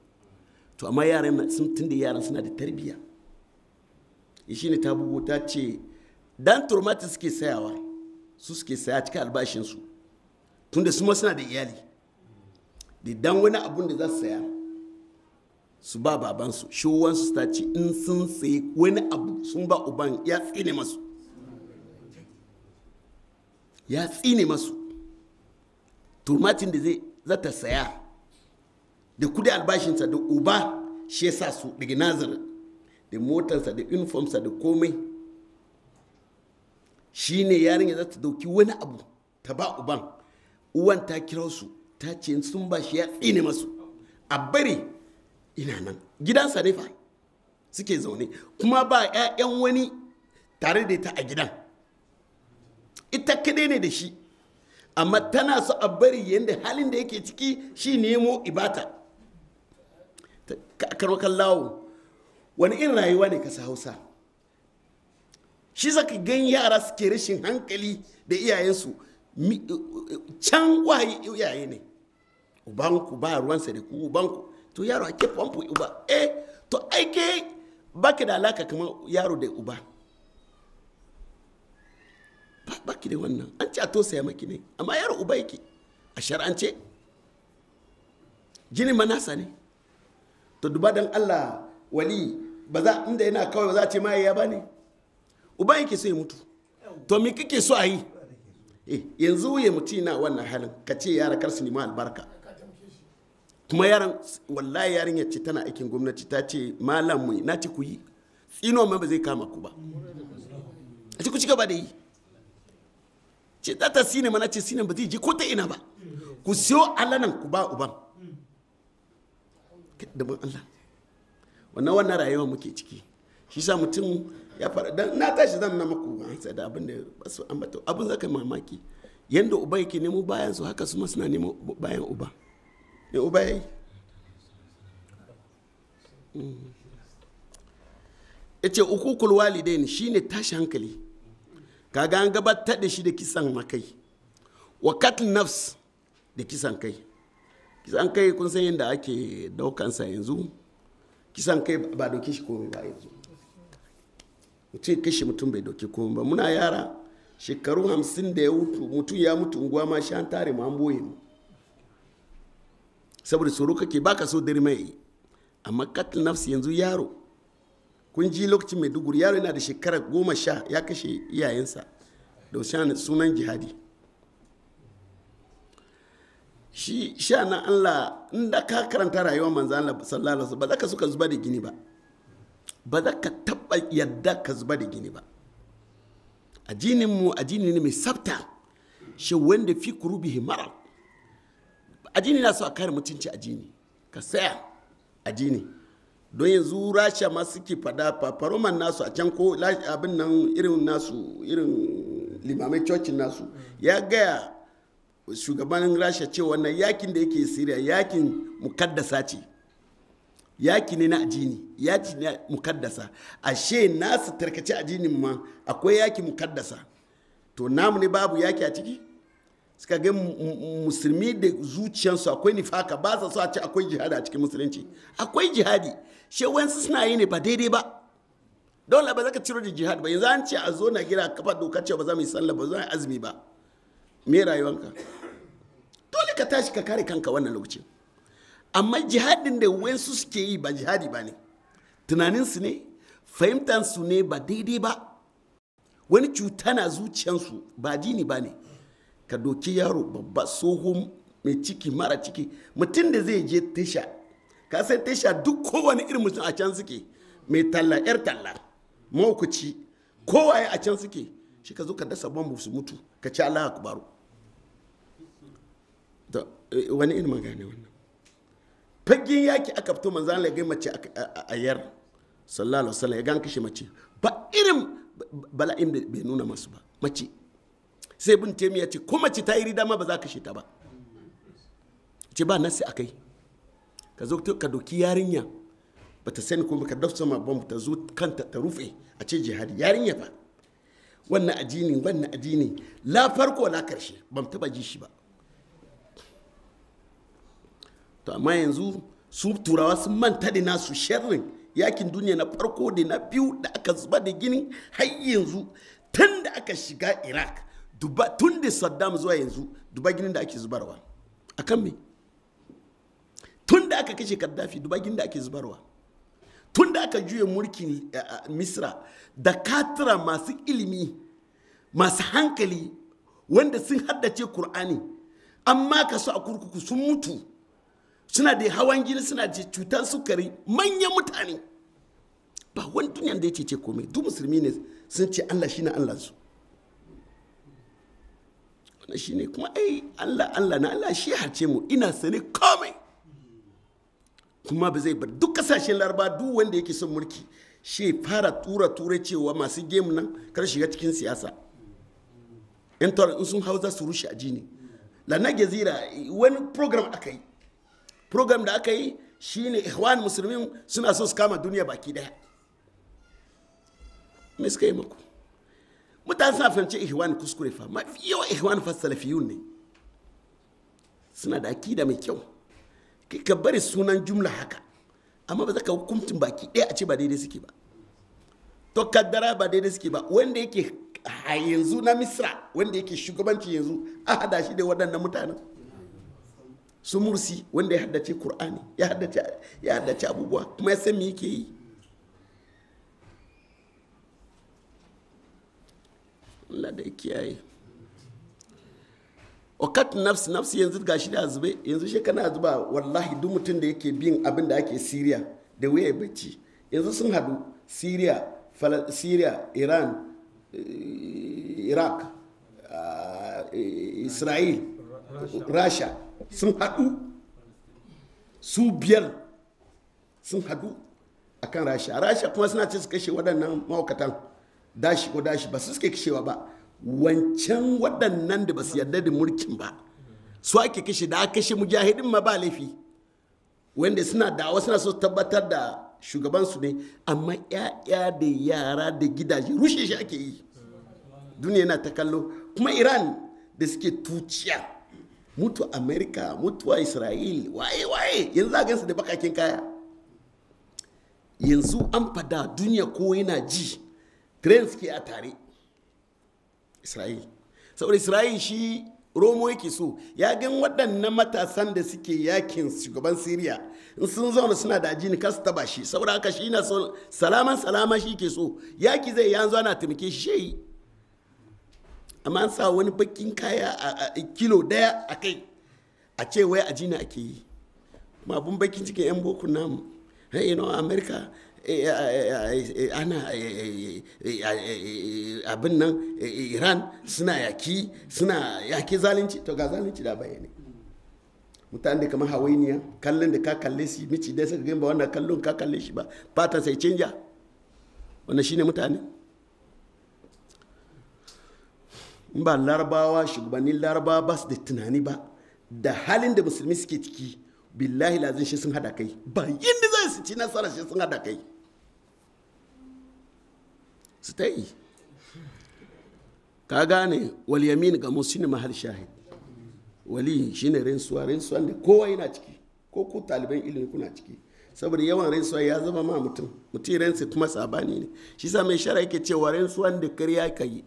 S2: to amma yaran sun tunda yaran suna da tarbiyya e, shi ne ta bugu ta ce dan turmati suke sayawa su suke saya cikin albashinsu tunda su ma suna da iyali da dan wani abun da za su saya su ba babansu shuwansu ta ci in sun tsaye wani abu sun ba uban ya tsine masu ya tsine masu turmatin da zai zata saya da kudi albashinsa da uba shi ya sa su daga nazarin da motarsa da uniformsa da komai shi ne yarinya za ta dauki wani abu ta ba uban uwan ta kira su ta ce sun ba shi ya tsine masu a bari ina nan gidansa ne fa suke zaune kuma ba 'ya'yan wani tare da ta a gidan ita kaɗai ne da shi amma tana so a bari yadda halin da yake ciki shi nemo ibata karwakan lawo wani irin rayuwa ne kasa hausa shi zaka gan yara suke rashin hankali da iyayensu eh, eh, can wahayi iyaye ne ubanku ba ruwansa da ku ubanku to yaro ake uba eh to aike baki da alaka kamar yaro da uba baki da wannan an ce a tosaya maki ne amma yaro uba yake a shar'ance jini manasa ne to duba dan allah wali ba za inda yana kawai ba za ce ma ya ba ne uba yake so ya mutu to me kake so a yi eh, yanzu ya mutu na wannan halin ka ce yara kar su nemi albarka kuma yaran wallahi yarinya ce tana aikin gwamnati ta ce malam mu na ce ku yi tsino ma ba zai kama ku ba a ce ku ci gaba da yi ce ta ta sine mana ce sine ba zai je ko ta ina ba ku siyo alanan ku ba uban daban Allah wannan wannan rayuwa muke ciki shi sa mutum ya fara dan na tashi zan na maku sai da abin da basu ambata abin zaka mamaki yanda uba yake nemo bayan su haka su ma suna nemo bayan uba you obey. Mm. Ya ce ukukul walidain shi ne tashi hankali, kaga an gabatar da shi da kisan makai, wa katl nafs da kisan kai. Kisan kai kun san yadda ake daukansa yanzu, kisan kai ba doke shi komai ba yanzu. Mutum kashe mutum bai doke komai ba. Muna yara shekaru hamsin da ya mutu, mutum ya mutu unguwa ma shi an tare mu an boye mu. saboda tsoro kake baka so dare mai amma katil nafsi yanzu yaro kun ji lokacin mai duguri yaro yana da shekara goma sha ya kashe iyayensa da sunan jihadi shi sha na Allah inda ka karanta rayuwar manzo Allah sallallahu alaihi wasallam ba za ka ka zuba da gini ba ba za ka taba yadda ka zuba da gini ba ajinin mu ajini ne mai sabta shi wanda fi kurubi marad ajini na so a kare mutunci ajini ka saya ajini don yanzu rasha ma suke fada faruman nasu a can ko abin nan irin nasu irin limamai cocin nasu ya gaya shugabanin rasha ce wannan yakin da yake siriya yakin mukaddasa ce yaki ne na ajini yaki ne mukaddasa ashe nasu tarkace ajinin ma akwai yaki mukaddasa to namu ne babu yaki a ciki suka ga musulmi da zuciyarsu akwai nifaka ba sa so a ce akwai jihadi a cikin musulunci akwai jihadi she wansu suna yi ne ba daidai ba dole ba za ka ciro da jihadi ba yanzu an ce a zo na gira kafa doka cewa ba za mu yi sallah ba za mu yi azumi ba me rayuwanka dole ka tashi ka kare kanka wannan lokacin amma jihadin da wansu suke yi ba jihadi ba ne tunaninsu ne fahimtansu ne ba daidai ba wani cuta na zuciyansu ba jini ba ne ka doki yaro babba tsohon mai ciki mara ciki mutum da zai je tasha ka san tasha duk kowane irin mutum a can suke mai talla yar talla mawukaci kowaye a can suke shi ka zo ka dasa bambu su mutu ka ci Allah akbaru da eh, wani irin magana wannan fagin yaki aka fito manzo Allah ya ga mace a yar sallallahu alaihi wasallam ya ga kashe mace ba irin bala'in da bai nuna masu ba mace sai bin ya ce ko ci ta yi rida ba za ka shi ta ba ce ba nasi a kai ka zo ka doki yarinya ba ta sani kuma ka dafa sama ba ta zo kanta ta rufe a ce jihadi yarinya ba wannan ajini wannan ajini la farko la karshe ban taba ji shi ba to amma yanzu su turawa sun manta da nasu sharrin yakin duniya na farko da na biyu da aka zuba da gini har yanzu tun da aka shiga iraq duba tun da saddam zuwa yanzu duba ginin da ake zubarwa a kan me tun da aka kashe kaddafi duba ginin da ake zubarwa tun da aka juya mulkin eh, eh, misra da katira masu ilimi masu hankali wanda sun haddace kur'ani amma ka su a kurkuku sun mutu suna da hawan gini suna da cutar sukari manyan mutane ba wani duniya da ya ce komai duk musulmi ne sun ce allah shine allah su shi ne kuma ai allah allah na allah shi harce mu ina sani komai kuma ba zai bar duk kasashen laraba duk wanda yake son mulki shi fara tura tura cewa masu gemu nan kar shiga cikin siyasa yan in sun hau za su rushe aji ne lana gezira wani program aka yi program da aka yi ne ihwan musulmin suna so su kama duniya baki daya me suka yi maku mutane suna fahimci ihwan kuskure fa mafi yawan ihwan fa salafiyun ne suna da akida mai kyau kai ka bari sunan jumla haka amma ba za ka hukuntun baki ɗaya a ce ba daidai suke ba to kaddara ba daidai suke ba wanda yake a yanzu na misra wanda yake shugabanci yanzu a hada shi da waɗannan mutanen su mursi wanda ya haddace kur'ani ya haddace abubuwa kuma ya san me yake yi Allah da kiyaye wakat nafs nafs yanzu shi da zube yanzu shi kana zuba wallahi duk mutum da yake bin abin da ake Syria da waye bacci yanzu sun hadu Syria Syria Iran eh, Iraq ah, eh, Israel Rasha sun hadu su biyar sun hadu akan Rasha Rasha kuma suna ce su kashe waɗannan mawakatan dashi ko dashi ba su suke kashewa ba wancan waɗannan da ba su yarda da mulkin ba su ake kashe da aka kashe mujahidin ma ba laifi wanda suna dawa suna so tabbatar da shugabansu ne amma ya'ya da yara da gidaje rushe shi ake yi duniya na ta kallo kuma iran da suke tuciya mutu amerika mutuwa isra'il waye waye yanzu a gansu da bakakin kaya yanzu an fada duniya ko yana ji tren suke a tare isra'il saboda isra'il shi romo yake so ya gan waɗannan matasan da suke yakin shugaban syria in sun zauna suna da ajini su taba shi saboda haka shi na salaman salama shi ke so yaki zai yanzu ana taimake shi shi amma an sa wani bakin kaya a kilo daya a kai a ce wai ajini ake yi kuma abun bakin cikin yan boko namu hey, you know america ana abin nan iran suna yaki suna yaki zalunci to ga zalunci da bayani mutane da kamar hawainiya kallon da ka kalle shi mici dai suka gani ba wannan kallon ka kalle shi ba fatan sai canja wannan shine mutane in ba larabawa shugabannin larabawa ba su da tunani ba da halin da musulmi suke ciki billahi lazin shi sun hada kai ba da zai su ci nasara shi sun hada kai su ta yi ka gane walyamin yamin ga musulmi mahal shahid wali shine rinsuwa rinsuwa ne kowa yana ciki ko ku taliban ilimi kuna ciki saboda yawan rinsuwa ya zama ma mutum mutum rinsu kuma sabani ne shi sa mai shara yake cewa rinsuwa da karya ka yi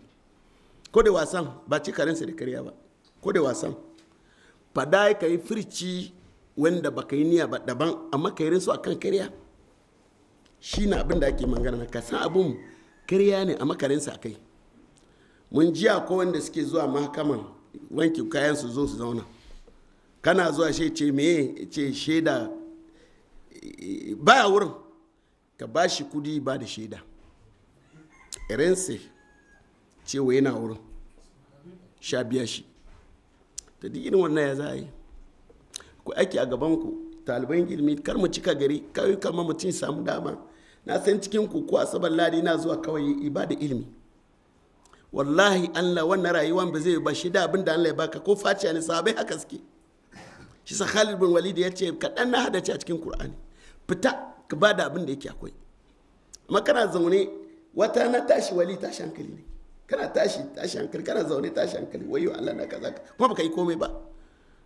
S2: ko da wasan ba ci rinsu da karya ba ko da wasan fada ka yi firci wanda ba ka yi niyya ba daban amma ka yi rinsu kan karya shi na abin da ake magana ka san abin karya ne a makarinsa kai mun jiya ko wanda suke zuwa mahakaman wanke kayan su zo su zauna kana zuwa shi ce meye ce shaida baya wurin ka ba shi kudi ba da shaida irinsa wa yana wurin sha biya shi ta wannan ya za a yi ku ake a gabanku taliban ilimi kar mu cika gari kawai kama mutum samu dama na san cikin ku ko asabar ladi na zuwa kawai ibada ilimi wallahi Allah wannan rayuwan ba zai ba shi da abin da Allah ya baka ko faciya ne sabai haka suke shi sa Khalid bin Walid ya ce kaɗan na hada a cikin Qur'ani fita ka ba da abin da yake akwai amma kana zaune wata na tashi wali ta shankali ne kana tashi ta shankali kana zaune ta shankali wayo Allah na kaza kuma baka yi komai ba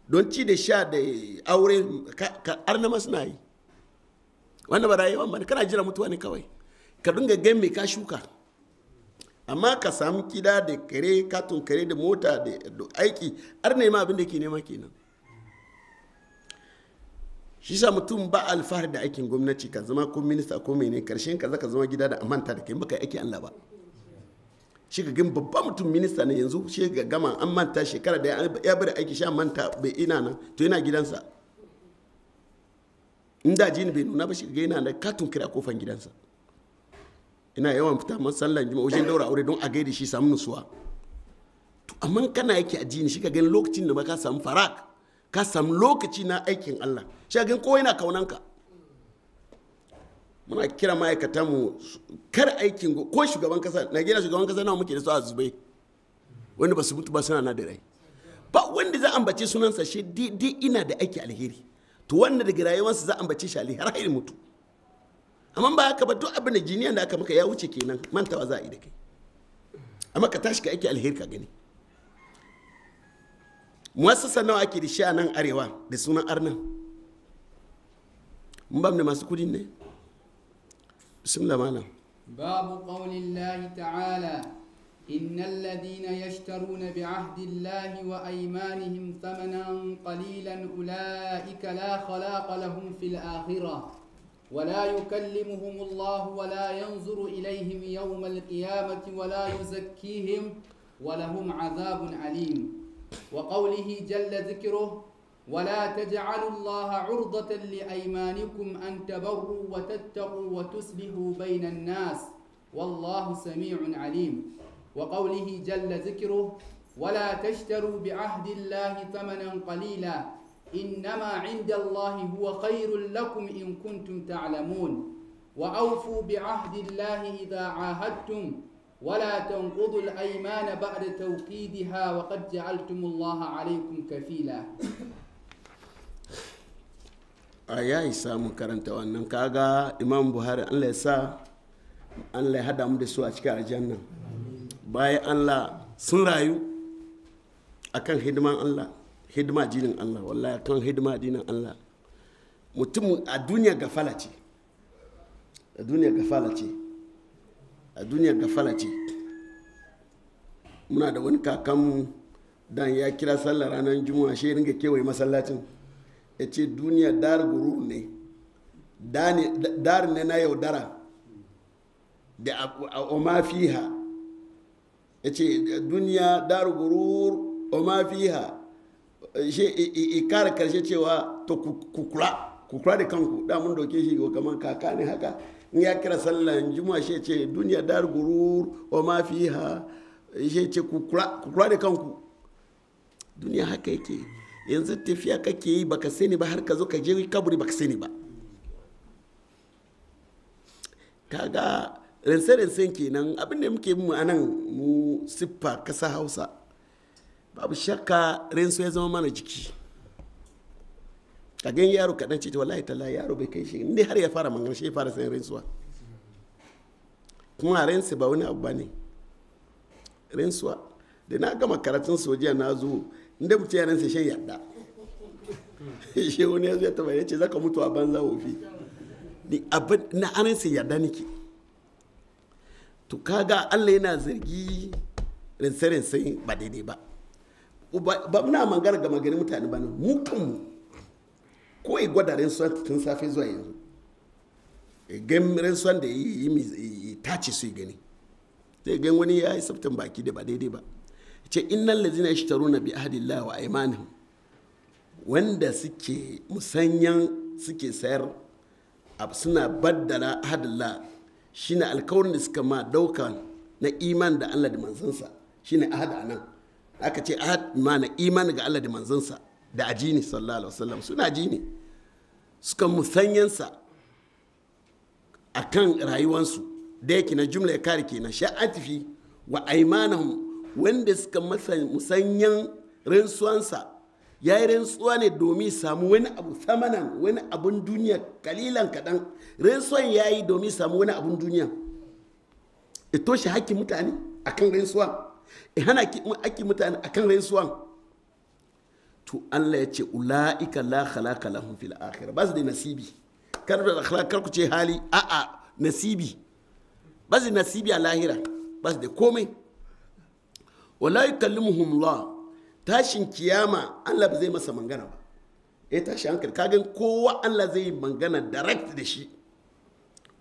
S2: don ci da sha da aure masu na yi wanda ba rayuwa ba kana jira mutuwa ne kawai ka dinga gan me ka shuka amma ka samu kida da kare katon kare da mota da aiki har ne ma abin da ke nema kenan shi sa mutum ba alfahari da aikin gwamnati ka zama ko minista ko mene karshen ka zaka zama gida da amanta da kai baka aiki Allah ba shi ga gin babban mutum minista ne yanzu shi ga gama an manta shekara da ya bari aiki shi manta bai ina nan to yana gidansa in da jini bai nuna ba shi ga yana da katon kira kofan gidansa ina yawan fita masallan juma'a wajen daura aure don a gaida shi samu nutsuwa to amma kana yake a jini shi ka gani lokacin da ma ka samu farak ka samu lokaci na aikin Allah shi ka gani ko yana kaunanka muna kira ma'aikata mu kar aikin ko shugaban kasa na gina shugaban kasa nawa muke da su a zubai wanda ba su mutu ba suna na da rai ba wanda za a ambace sunansa shi dai ina da aiki alheri to wanda daga rayuwarsa za a ambace shi alheri har mutu amma ba haka ba duk abin da jiniyan da aka maka ya wuce kenan mantawa za a yi da kai amma ka tashi ka aiki alheri ka gani muwassasa nawa ake da shi a nan arewa da sunan arnan mun ba mu da masu kudin ne bismillah malam
S3: babu qaulillahi ta'ala إن الذين يشترون بعهد الله وأيمانهم ثمنا قليلا أولئك لا خلاق لهم في الآخرة ولا يكلمهم الله ولا ينظر إليهم يوم القيامة ولا يزكيهم ولهم عذاب عليم وقوله جل ذكره ولا تجعلوا الله عرضة لأيمانكم أن تبروا وتتقوا وتسلحوا بين الناس والله سميع عليم وقوله جل ذكره ولا تشتروا بعهد الله ثمنا قليلا إنما عند الله هو خير لكم إن كنتم تعلمون وأوفوا بعهد الله إذا عاهدتم ولا تنقضوا الأيمان بعد توكيدها وقد جعلتم الله عليكم كفيلا
S2: a ya isa mun karanta wannan kaga imam buhari an ya sa an ya hada mu da su a cikin aljanna bayan Allah sun rayu akan hidiman Allah hidima jinin Allah wallahi akan hidima dinin Allah mutum a duniya gafala ce a duniya gafala ce a duniya gafala ce muna da wani kakanmu dan ya kira sallar ranar juma'a shi ringa kewaye masallacin ya ce duniya dar guru ne dar ne na yaudara da a fiha ya ce duniya daru gurur o ma fi ha shi ikara karshe cewa to kukura kukura da kanku da mun doke shi ga kaman kaka ne haka in ya kira sallan juma shi ce duniya daru gurur o ma fi ha shi ce kukura da kanku duniya haka yake yanzu tafiya kake yi baka sani ba har ka zo ka je kaburi baka sani ba kaga rinse-rinsen kenan abin da muke mu anan mu siffa kasa hausa babu shakka rinsu ya zama mana jiki kagan yaro kaɗan ce wallahi talla yaro bai kai shi inda har ya fara magana shi ya fara sayan rinsuwa kuma rinsu ba wani abu ba ne rinsuwa da na gama karatun sojiya na zo inda mutum ya rinsa shan yadda [LAUGHS] shi wani ya zo ya taba ya ce zaka mutu a banza wofi ni abin na arinsa yadda nake to kaga allah yana zargi rinse-rinse ba daidai ba ba muna magana ga maganin mutane ba mu kanmu ko yi gwada sun tun safe zuwa yanzu gan sun da yi tace su gani zai gan wani ya yi saftin baki da ba daidai ba ce innan lazina taro na bi ahadillah wa imanin wanda suke musanyan suke sayar suna baddala ahadillah shine alkawarin da suka ma dauka na iman da Allah da manzansa shine ahad a nan aka ce ahad ma na iman ga Allah da manzansa da ajini sallallahu alaihi wasallam suna ajini suka musanyansa akan rayuwansu da yake na jumla ya kare kenan sha'atifi wa aimanahum wanda suka musanyan rinsuwansa ya yi rintsuwa ne domin samu wani abu samanan wani abun duniya kalilan kaɗan rantsuwan ya yi domin samu wani abun duniya ito shi haƙƙin mutane a kan rintsuwa e hana haƙƙin mutane a kan rintsuwa to Allah ya ce ula'ika la khalaqa lahum fil akhirah ba su da nasibi kar da kar ku ce hali a a nasibi ba su da nasibi a lahira ba su da komai wala yukallimuhum Allah tashin kiyama Allah ba zai masa mangana ba eh tashi hankali kagan kowa Allah zai mangana direct da shi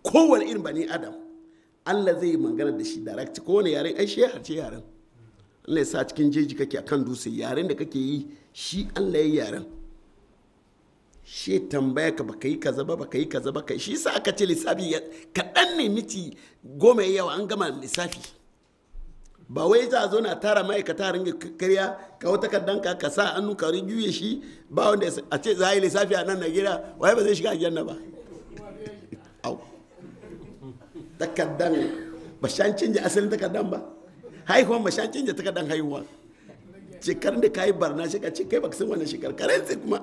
S2: kowar irin bani adam Allah zai mangana da shi direct kowane yare ai shi harce yaren Allah ya sa cikin jeji kake kan dutse yaren da kake yi shi Allah ya yaren shi tambaya ka baka yi kaza ba baka yi kaza ba shi sa aka ce lissafi kaɗan ne miti goma yawa an gama lissafi ba wai za a zo na tara ma'aikata ringa karya ka wata kaddanka ka sa hannu ka juye shi ba wanda a ce za a yi lissafi a nan gida waye ba zai shiga aljanna ba au takaddan ba shan canja asalin takaddan ba haihuwan ba shan canja takaddan haihuwa shekarun da ka yi barna shi ka ce kai baka san wannan shekar karensi kuma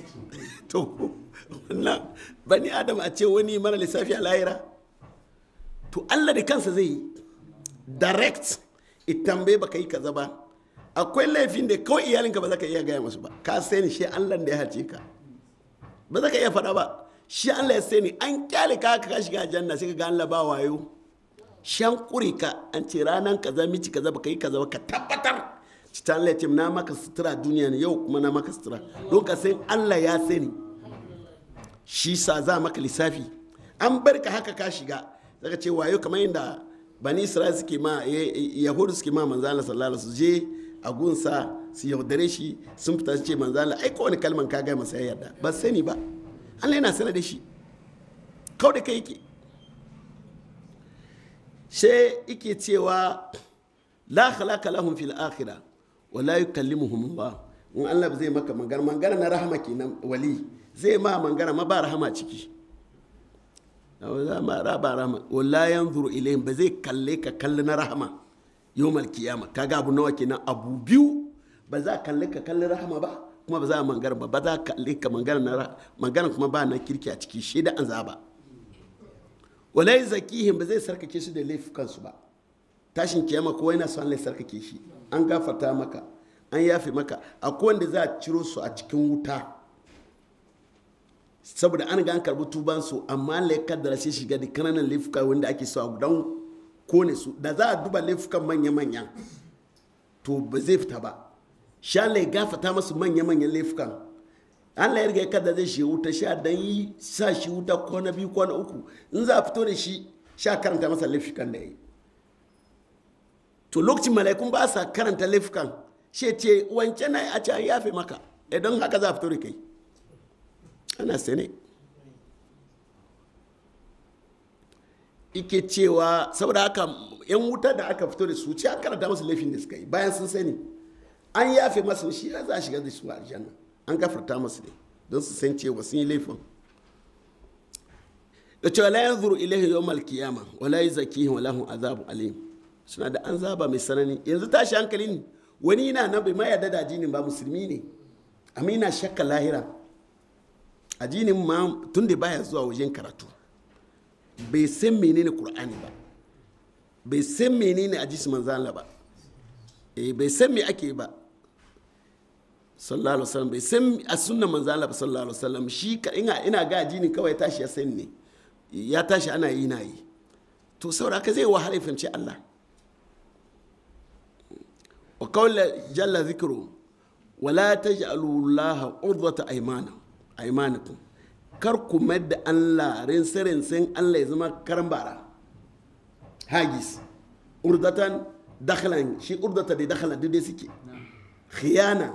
S2: [LAUGHS] to wannan bani adam a ce wani mara lissafi a lahira to allah da kansa zai yi direct itambe baka yi kaza ba akwai laifin da kawai ka ba za ka iya gaya masu ba ka sani shi allah da ya halce ka ba za ka iya faɗa ba shi allah ya sani an kyale ka ka shiga janna sai ka ga allah ba wayo shan kuri ka an ce ranan kaza miki kaza baka yi kaza ba ka tabbatar ta allah ya ce na maka sutura duniya ne yau kuma na maka sutura don ka san allah ya sani shi sa za maka lissafi an bar ka haka ka shiga zaka ce wayo kamar yadda bani isra'il suke ma eh, eh, yahudu suke ma manzala sallallahu su je a gunsa su yaudare shi sun fita su ce manzala ai ko wani kalman ka gaya masa yarda ba sani ba Allah yana sanar da shi kau da kai yake she yake cewa la khalaqa lahum fil akhirah wa la yukallimuhum Allah in Allah zai maka magana magana na rahama kenan wali zai ma magana ma ba rahama ciki ma raba rahama wala yanzuru ilayhim ba zai kalle ka kalli na rahama ga abu nawa kenan abu biyu ba za kalle ka kalli rahama ba kuma ba za mangana ba ba za kalle ka mangara kuma ba na kirki a ciki shi da an zaba walai zakihim ba zai sarkake su da laifukansu ba tashin kiyama kowa yana son lai sarkake shi an gafarta maka an yafe maka akwai wanda za a ciro su a cikin wuta saboda an ga an karbi tuban su amma Allah ya kaddara sai shiga da kananan laifuka wanda ake so a dan kone su da za a duba laifukan manya manya to ba zai fita ba sha Allah ya gafata masu manya manyan laifukan An ya riga ya kaddara zai shi wuta sha dan yi sa shi wuta kwana biyu kwana uku in za a fito da shi sha karanta masa laifukan da yi to lokacin mala'ikun ba sa karanta laifukan shi ce wancan na a ce an yafe maka idan eh, haka za a fito da kai ana sane ike cewa saboda haka yan wuta da aka fito da su ce an karanta masu laifin da suka yi bayan sun sani an yafe masu shi za a shiga da su aljanna an gafarta masu ne don su san cewa sun yi laifin da cewa la yanzuru ilaihi yawmal qiyama wa la yuzakkihim wa lahum azabu alim suna da an zaba mai sanani yanzu tashi hankali ne wani yana nan bai ma yarda da addinin ba musulmi ne amma yana shakka lahira ajinin ma tun da baya zuwa wajen karatu bai san menene qur'ani ba bai san menene ajis manzala ba eh bai san me ake ba sallallahu alaihi wasallam bai san a sunna manzala ba sallallahu alaihi wasallam shi ina ina ga ajinin kawai tashi ya san ne ya tashi ana yi na yi to saboda ka zai wahala fahimci Allah wa qawla jalla dhikru wala taj'alu llaha urdata aymanakum aimanikum kar ku mai da Allah rinse-rinsen Allah ya zama karan bara hagis urdatan dakhalan shi urdata da dakhalan duk dai suke khiyana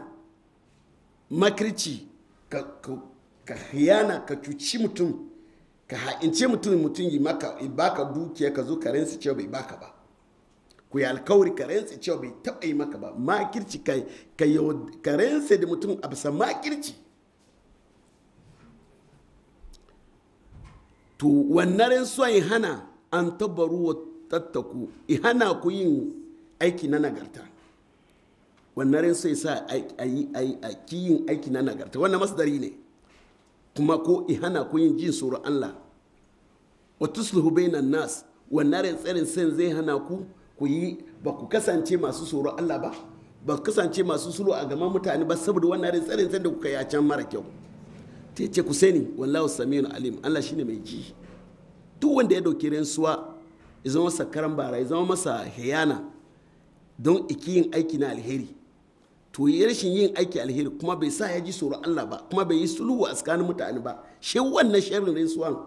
S2: makirci ka khiyana ka cuci mutum ka ha'ince mutum mutum yi maka baka dukiya ka zo ka rinse cewa bai baka ba ku yi alkawari ka rinse cewa bai taba yi maka ba makirci ka rinse da mutum a bisa makirci to wannan so ya hana an tabbaru wa tattaku ya hana ku yin aiki na nagarta wannan so ya sa a ki yin aiki na nagarta wannan masdari ne kuma ko ya hana ku yin jin tsoron Allah wa tusluhu bainan nas wannan tsarin sen zai hana ku ku yi ba ku kasance masu tsoron Allah ba ba ku kasance masu sulu a gama mutane ba saboda wannan tsarin sen da kuka yi a can mara kyau ta ce ku sani wallahu samiyun alim Allah shine mai ji duk wanda ya dauki rantsuwa ya zama masa karan bara ya zama masa hayana don iki yin aiki na alheri to ya rashin yin aiki alheri kuma bai sa ya ji tsoron Allah ba kuma bai yi sulhu a tsakanin mutane ba shi wannan sharrin rantsuwan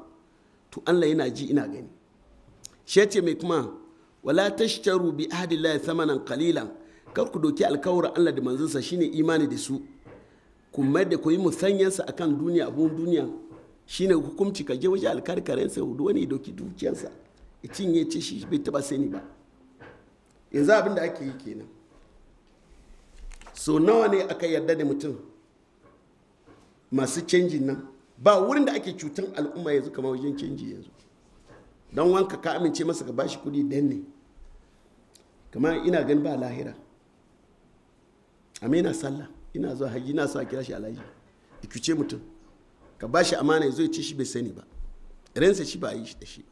S2: to Allah yana ji ina gani shi ce mai kuma wala tashtaru bi ahdillahi thamanan kalilan kar ku doki alkawarin Allah da manzansa shine imani da su ku mai da ku yi musanyansa akan duniya abun duniya shine hukunci ka je waje alkarkarensa hudu wani doki dukiyarsa ya cinye ce shi bai taba sani ba yanzu abinda da ake yi kenan so nawa ne aka yarda da mutum masu canjin nan ba wurin da ake cutan al'umma yanzu kamar wajen canji yanzu don wanka ka amince masa ka bashi kudi dan ne kamar ina gani ba lahira amina sallah ina zuwa haji ina sa kira shi alhaji ikice mutum ka ba shi amana ya ci shi bai sani ba rinsa shi ba a yi shi da shi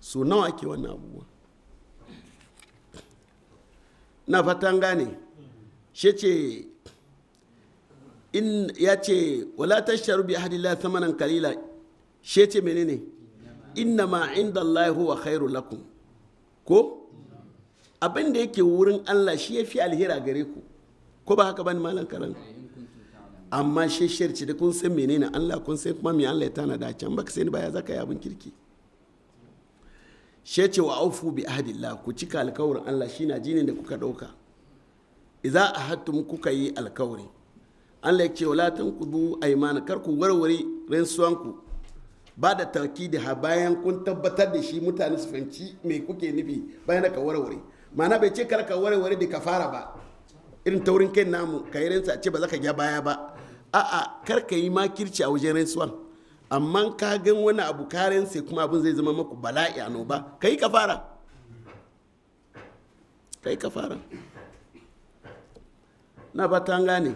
S2: so nawa ake wannan abubuwa na fatan gane shi ce in ya ce wala tasharu bi ahadillah thamanan kalila shi ce menene inna ma inda Allah huwa khairu lakum ko abin da yake wurin Allah shi ya fi alheri gare ku ko ba haka bani malam karan amma shishiyar ci da kun san menene Allah kun san kuma me Allah ya tana da can baka sai ni baya zaka yi abin kirki she ce wa aufu bi ahdillah ku cika alkawarin Allah shi na jinin da kuka dauka idza ahadtum kuka yi alkawari Allah ya ce wala tanqudu aymana kar ku warware ku. ba da takidi ha bayan kun tabbatar da shi mutane su fahimci me kuke nufi bayan ka warware ma'ana bai ce kar ka warware da ka fara ba irin taurin kai namu ka yi a ce ba za ka ja baya ba a'a kar ka yi makirci a wajen rantsuwan amma ka gan wani abu ka rantse kuma abin zai zama maku bala'i a ba ka yi kafara ka yi kafara na ba ta gane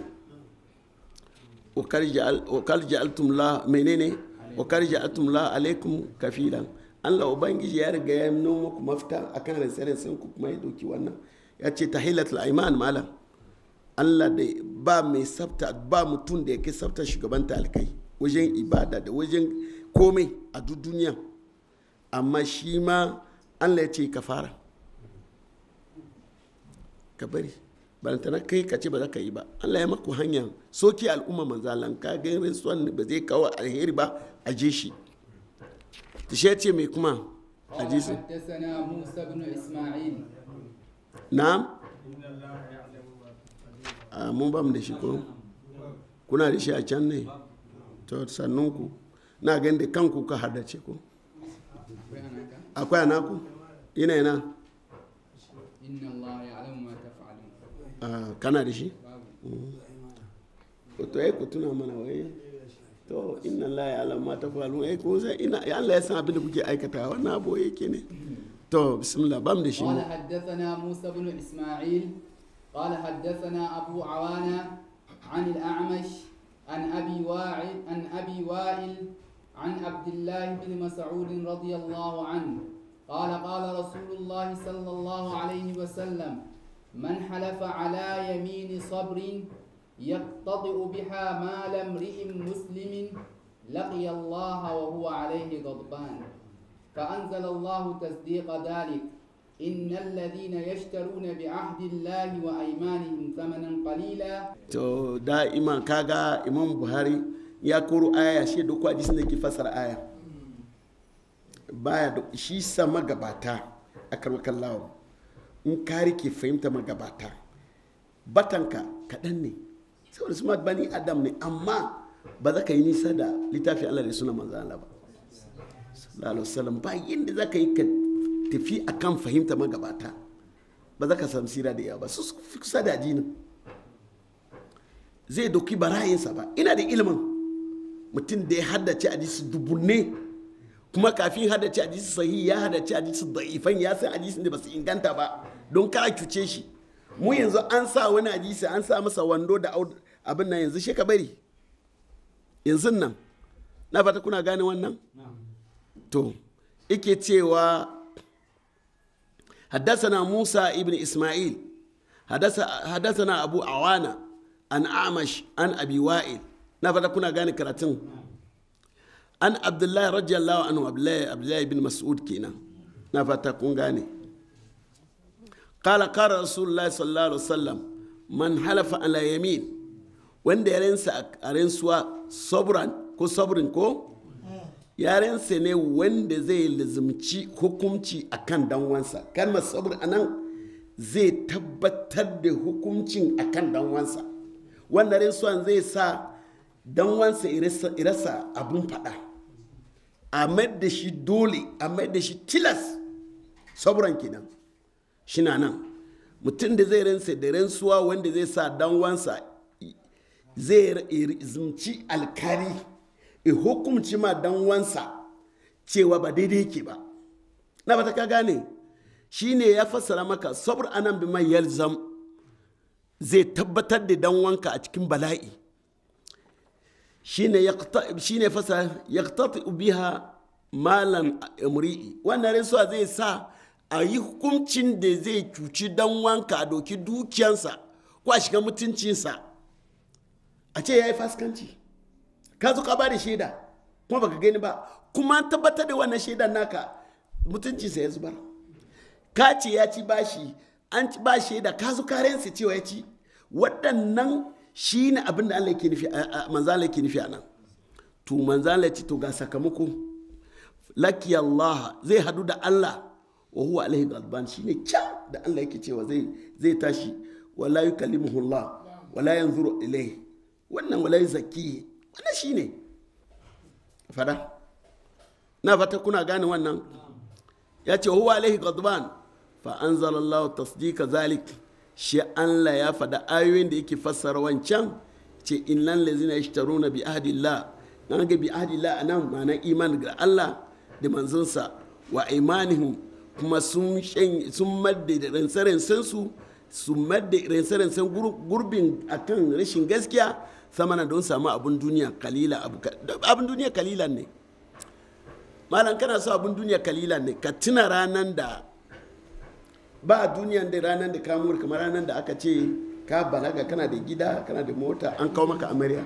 S2: wakar ja'altum la menene wakar ja'altum la alaikum kafilan Allah Ubangiji ya riga ya nuna muku mafita akan rantsarin sun ku kuma ya doki wannan ya ce tahilatul aiman malam allah da ba mai sabta ba mutum da ya kai sabta shugaban talikai wajen ibada da wajen komai a duk duniya amma shi ma allah ya ce ka fara ka bari kai ka ce ba za ka yi ba allah ya maku hanya soki al'umma manzalan ka ga rinsuwan ba zai kawo alheri ba a je shi ta ce mai kuma a je a ah, mun ba mu da shi ko kuna da shi a can ne to sannunku na gan da kanku ka hada ce ko akwai anaku ina ina ah, kana da shi mm. to ai ku tuna mana wai to inna la ya alam ma tafalun ai ko sai ina ya Allah ya san abin da kuke aikata wannan abu yake ne to bismillah bam da shi mu qala
S3: haddathana musa ibn isma'il قال حدثنا أبو عوانة عن الأعمش عن أبي واعل عن أبي وائل عن عبد الله بن مسعود رضي الله عنه قال قال رسول الله صلى الله عليه وسلم من حلف على يمين صبر يقتطع بها مال امرئ مسلم لقي الله وهو عليه غضبان فأنزل الله تصديق ذلك إن الذين يشترون بعهد الله وأيمانهم ثمنا قليلا
S2: تو دائما كاغا إمام بخاري يقول آية شيء دوكو حديث نكي فسر آية baya da shi sa magabata a karwakan lawo in kari ke fahimta magabata batanka kaɗan ne saboda su bani adam ne amma ba za ka yi nisa da littafi allah da suna manzan allah ba sallallahu alaihi wasallam bayan yadda za ka yi ka tafi kan fahimta magabata ba za ka samu sira da yawa ba su fi kusa da jini zai doki barayinsa ba ina da ilimin mutum da ya haddace hadisi dubunne kuma kafin haddace hadisi sahi ya haddace hadisi da'ifan ya san hadisin da ba su inganta ba don kara cuce shi mu yanzu an sa wani hadisi an sa masa wando da abin nan yanzu shi ka bari yanzu nan na fata kuna gane wannan to ike cewa حدثنا موسى ابن إسماعيل حدثنا أبو عوانة عن أعمش عن أبي وائل نفذا كنا غاني كراتين عن عبد الله رضي الله عنه عبد الله عبد الله بن مسعود كينا نفذا كون غاني قال قال رسول الله صلى الله عليه وسلم من حلف على يمين وين يرنسا أرنسوا صبرا كو صبر كو yarensa ne wanda zai lizimci hukunci a kan danwansa kalmar sabr a nan zai tabbatar da hukuncin a kan danwansa wanda rinsuwan zai sa danwansa irasa abun fada a da shi dole a da shi tilas sabran kenan shi na nan mutum da zai rinsa da rinsuwa wanda zai sa danwansa zai zimci alkari i hukunci ma dan wansa cewa ba daidai yake ba na ba ta ka gane shine ya fassara maka sabur anan bi man yalzam zai tabbatar da dan wanka a cikin bala'i shine yaqta shine fasa yaqtati biha malan imri'i wannan rinsuwa zai sa a yi hukuncin da zai cuci dan wanka a doki dukiyansa ko a shiga mutuncinsa a ce ya yi faskanci ka zo ka bada shaida kuma baka gani ba kuma tabbatar da wannan shaidan naka mutunci sai ya zubar ka ce ya ci bashi an ci ba shaida ka zo karensa cewa ya ci waɗannan shi ne abin da Allah yake nufi manzo Allah yake nufi a nan to manzo Allah ce to ga sakamako laki Allah zai hadu da Allah wa huwa alaihi ghadban shine kyan da Allah yake cewa zai zai tashi wala yukallimuhu Allah wala yanzuru ilayhi wannan wala yuzakki wannan shi ne fada na fata kuna gane wannan ya ce huwa alaihi gadban fa anzalallahu tasdika zalik shi Allah ya fada ayoyin da yake fassara wancan ce in shi ladzina yashtaruna bi ahdillah na ga bi a nan ma'ana iman ga Allah da manzonsa wa imanihum kuma sun madde da ransaransan sun madde ransaransan gurbin akan rashin gaskiya samana don samu abin duniya kalila abin duniya kalilan ne malam kana so abin duniya kalilan ne ka tuna ranan da ba duniyan da ranan da kamuwar kamar ranan da aka ce ka balaga kana da gida kana da mota an kawo maka amarya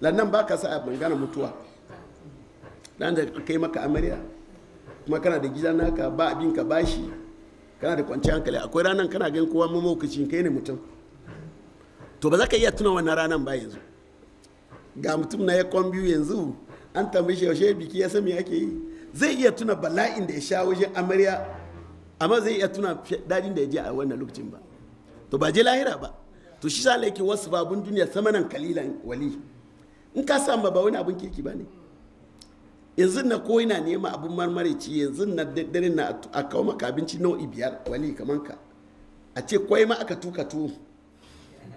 S2: lannan ba ka sa a bangana mutuwa dan da kai maka amarya kuma kana da gida naka ba abin ka bashi kana da kwanciyar hankali akwai ranan kana gan kowa mamaukacin kai ne mutum to ba za ka iya tuna wannan ranan ba yanzu ga mutum na ya kwan biyu yanzu an tambaye shi yaushe biki ya san me ake yi zai iya tuna bala'in da ya sha wajen amarya amma zai iya tuna dadin da ya je a wannan lokacin ba to ba je lahira ba to shi sa ke wasu babun duniya samanan kalilan wali in ka sa ba wani abun kirki ba ne yanzu na ko ina nema abun marmarici yanzu na daddare na a kawo maka abinci nau'i biyar wali kamar ka a ce kwai ma aka tuka tuwo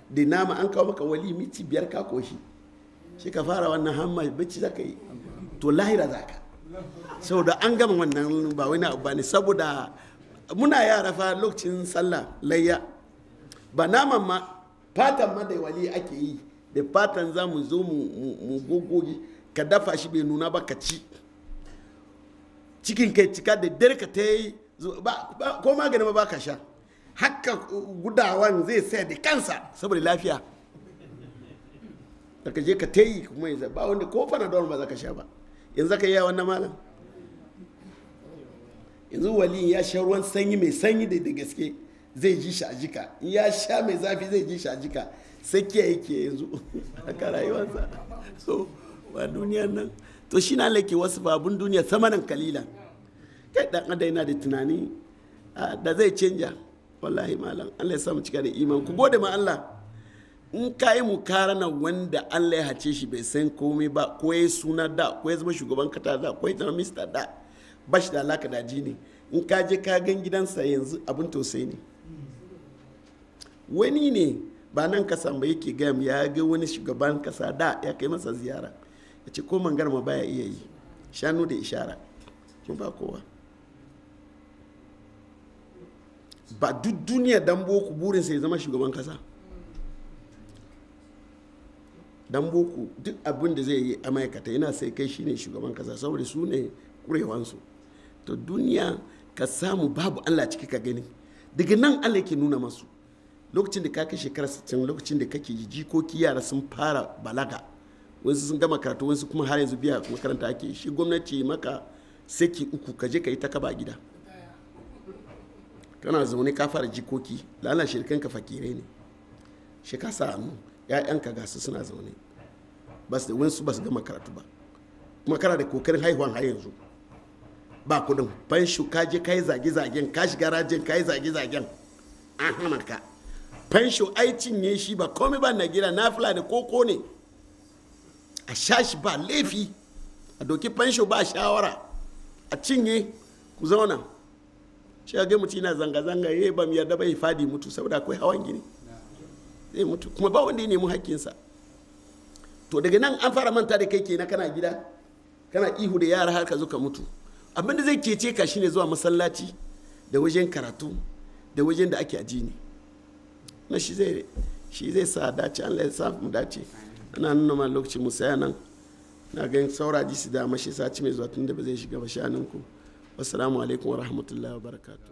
S2: da nama an kawo maka wali miti biyar ka koshi shi ka fara wannan hamma bici za ka yi to lahira za ka da an gama wannan ba wani abu ne saboda muna yara fa lokacin sallah layya ba naman ma fatan ma da wali ake yi da fatan za mu zo mu gogogi ka dafa shi bai nuna ba ka ci cikin kai cika da dare ka ta yi ko magani ma ba ka sha haka gudawan zai sai da kansa saboda lafiya ka je ka tayi kuma ya ba wanda ko panadol ba za ka sha ba yanzu za yi wannan malam yanzu wali ya sha ruwan sanyi mai sanyi da da gaske zai ji shi jika ya sha mai zafi zai ji shi a jika sai kiyaye ke yanzu [LAUGHS] haka rayuwarsa so ba duniyar nan to shi na lake wasu babun duniya samanin kalilan kai dan adam yana da tunani da zai canja wallahi malam Allah ya samu cika da iman ku gode ma Allah in ka yi na wanda allah ya hace shi bai san komai ba ko ya suna da ko ya zama shugaban kata da ko ya zama mista da ba shi da alaka da jini in ka je ka gan gidansa yanzu abin tausayi ne wani ne ba nan kasa ba yake gam ya ga wani shugaban kasa da ya kai masa ziyara ya ce ko ba baya iya yi shanu da ishara kin ba kowa ba duk duniya dan boku burinsa ya zama shugaban kasa dan boko duk abin da zai yi a ma'aikata yana sai kai shine shugaban kasa saboda su ne kurewansu to duniya ka samu babu allah ciki ka gani daga nan allah ke nuna masu lokacin da ka kai shekara lokacin da kake jikoki yara sun fara balaga wasu sun gama karatu wasu kuma har yanzu biya makaranta ake shi gwamnati maka saki uku ka je ka yi ta kaba gida kana zaune ka fara jikoki lana shirkan ka fakirai ne shi ka samu ‘ya'yanka ka gasu suna zaune ba su da winsu ba su gama karatu ba kuma kana da kokarin haihuwan har yanzu ba kudin fanshu ka je ka yi zage-zagen ka shiga rajin ka yi zage-zagen an hana ka fanshu ai cinye shi ba komai ba na gida na fila da koko ne a sha shi ba laifi a doki fansho ba shawara a cinye ku zauna shi ga mutu na zanga-zanga ya eh, ba mu yarda ba ya fadi mutu saboda akwai hawan gini zai mutu kuma ba wanda ya nemi hakkinsa to daga nan an fara manta da kai kenan kana gida kana ihu da yara har ka zo ka mutu abin da zai kece ka shine zuwa masallaci da wajen karatu da wajen da ake ajini na shi zai shi zai sa dace Allah ya sa mu dace ana nuna ma lokacin musaya nan na ganin sauraji su dama sa sati mai zuwa tun da ba zai shiga ba ku wassalamu alaikum wa rahmatullahi wa barakatuh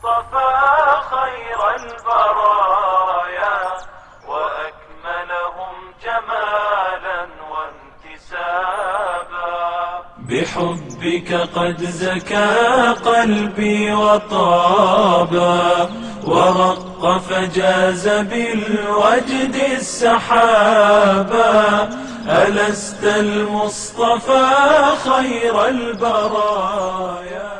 S1: المصطفى خير البرايا وأكملهم جمالا وانتسابا بحبك قد زكى قلبي وطابا ورق فجاز بالوجد السحابا ألست المصطفى خير البرايا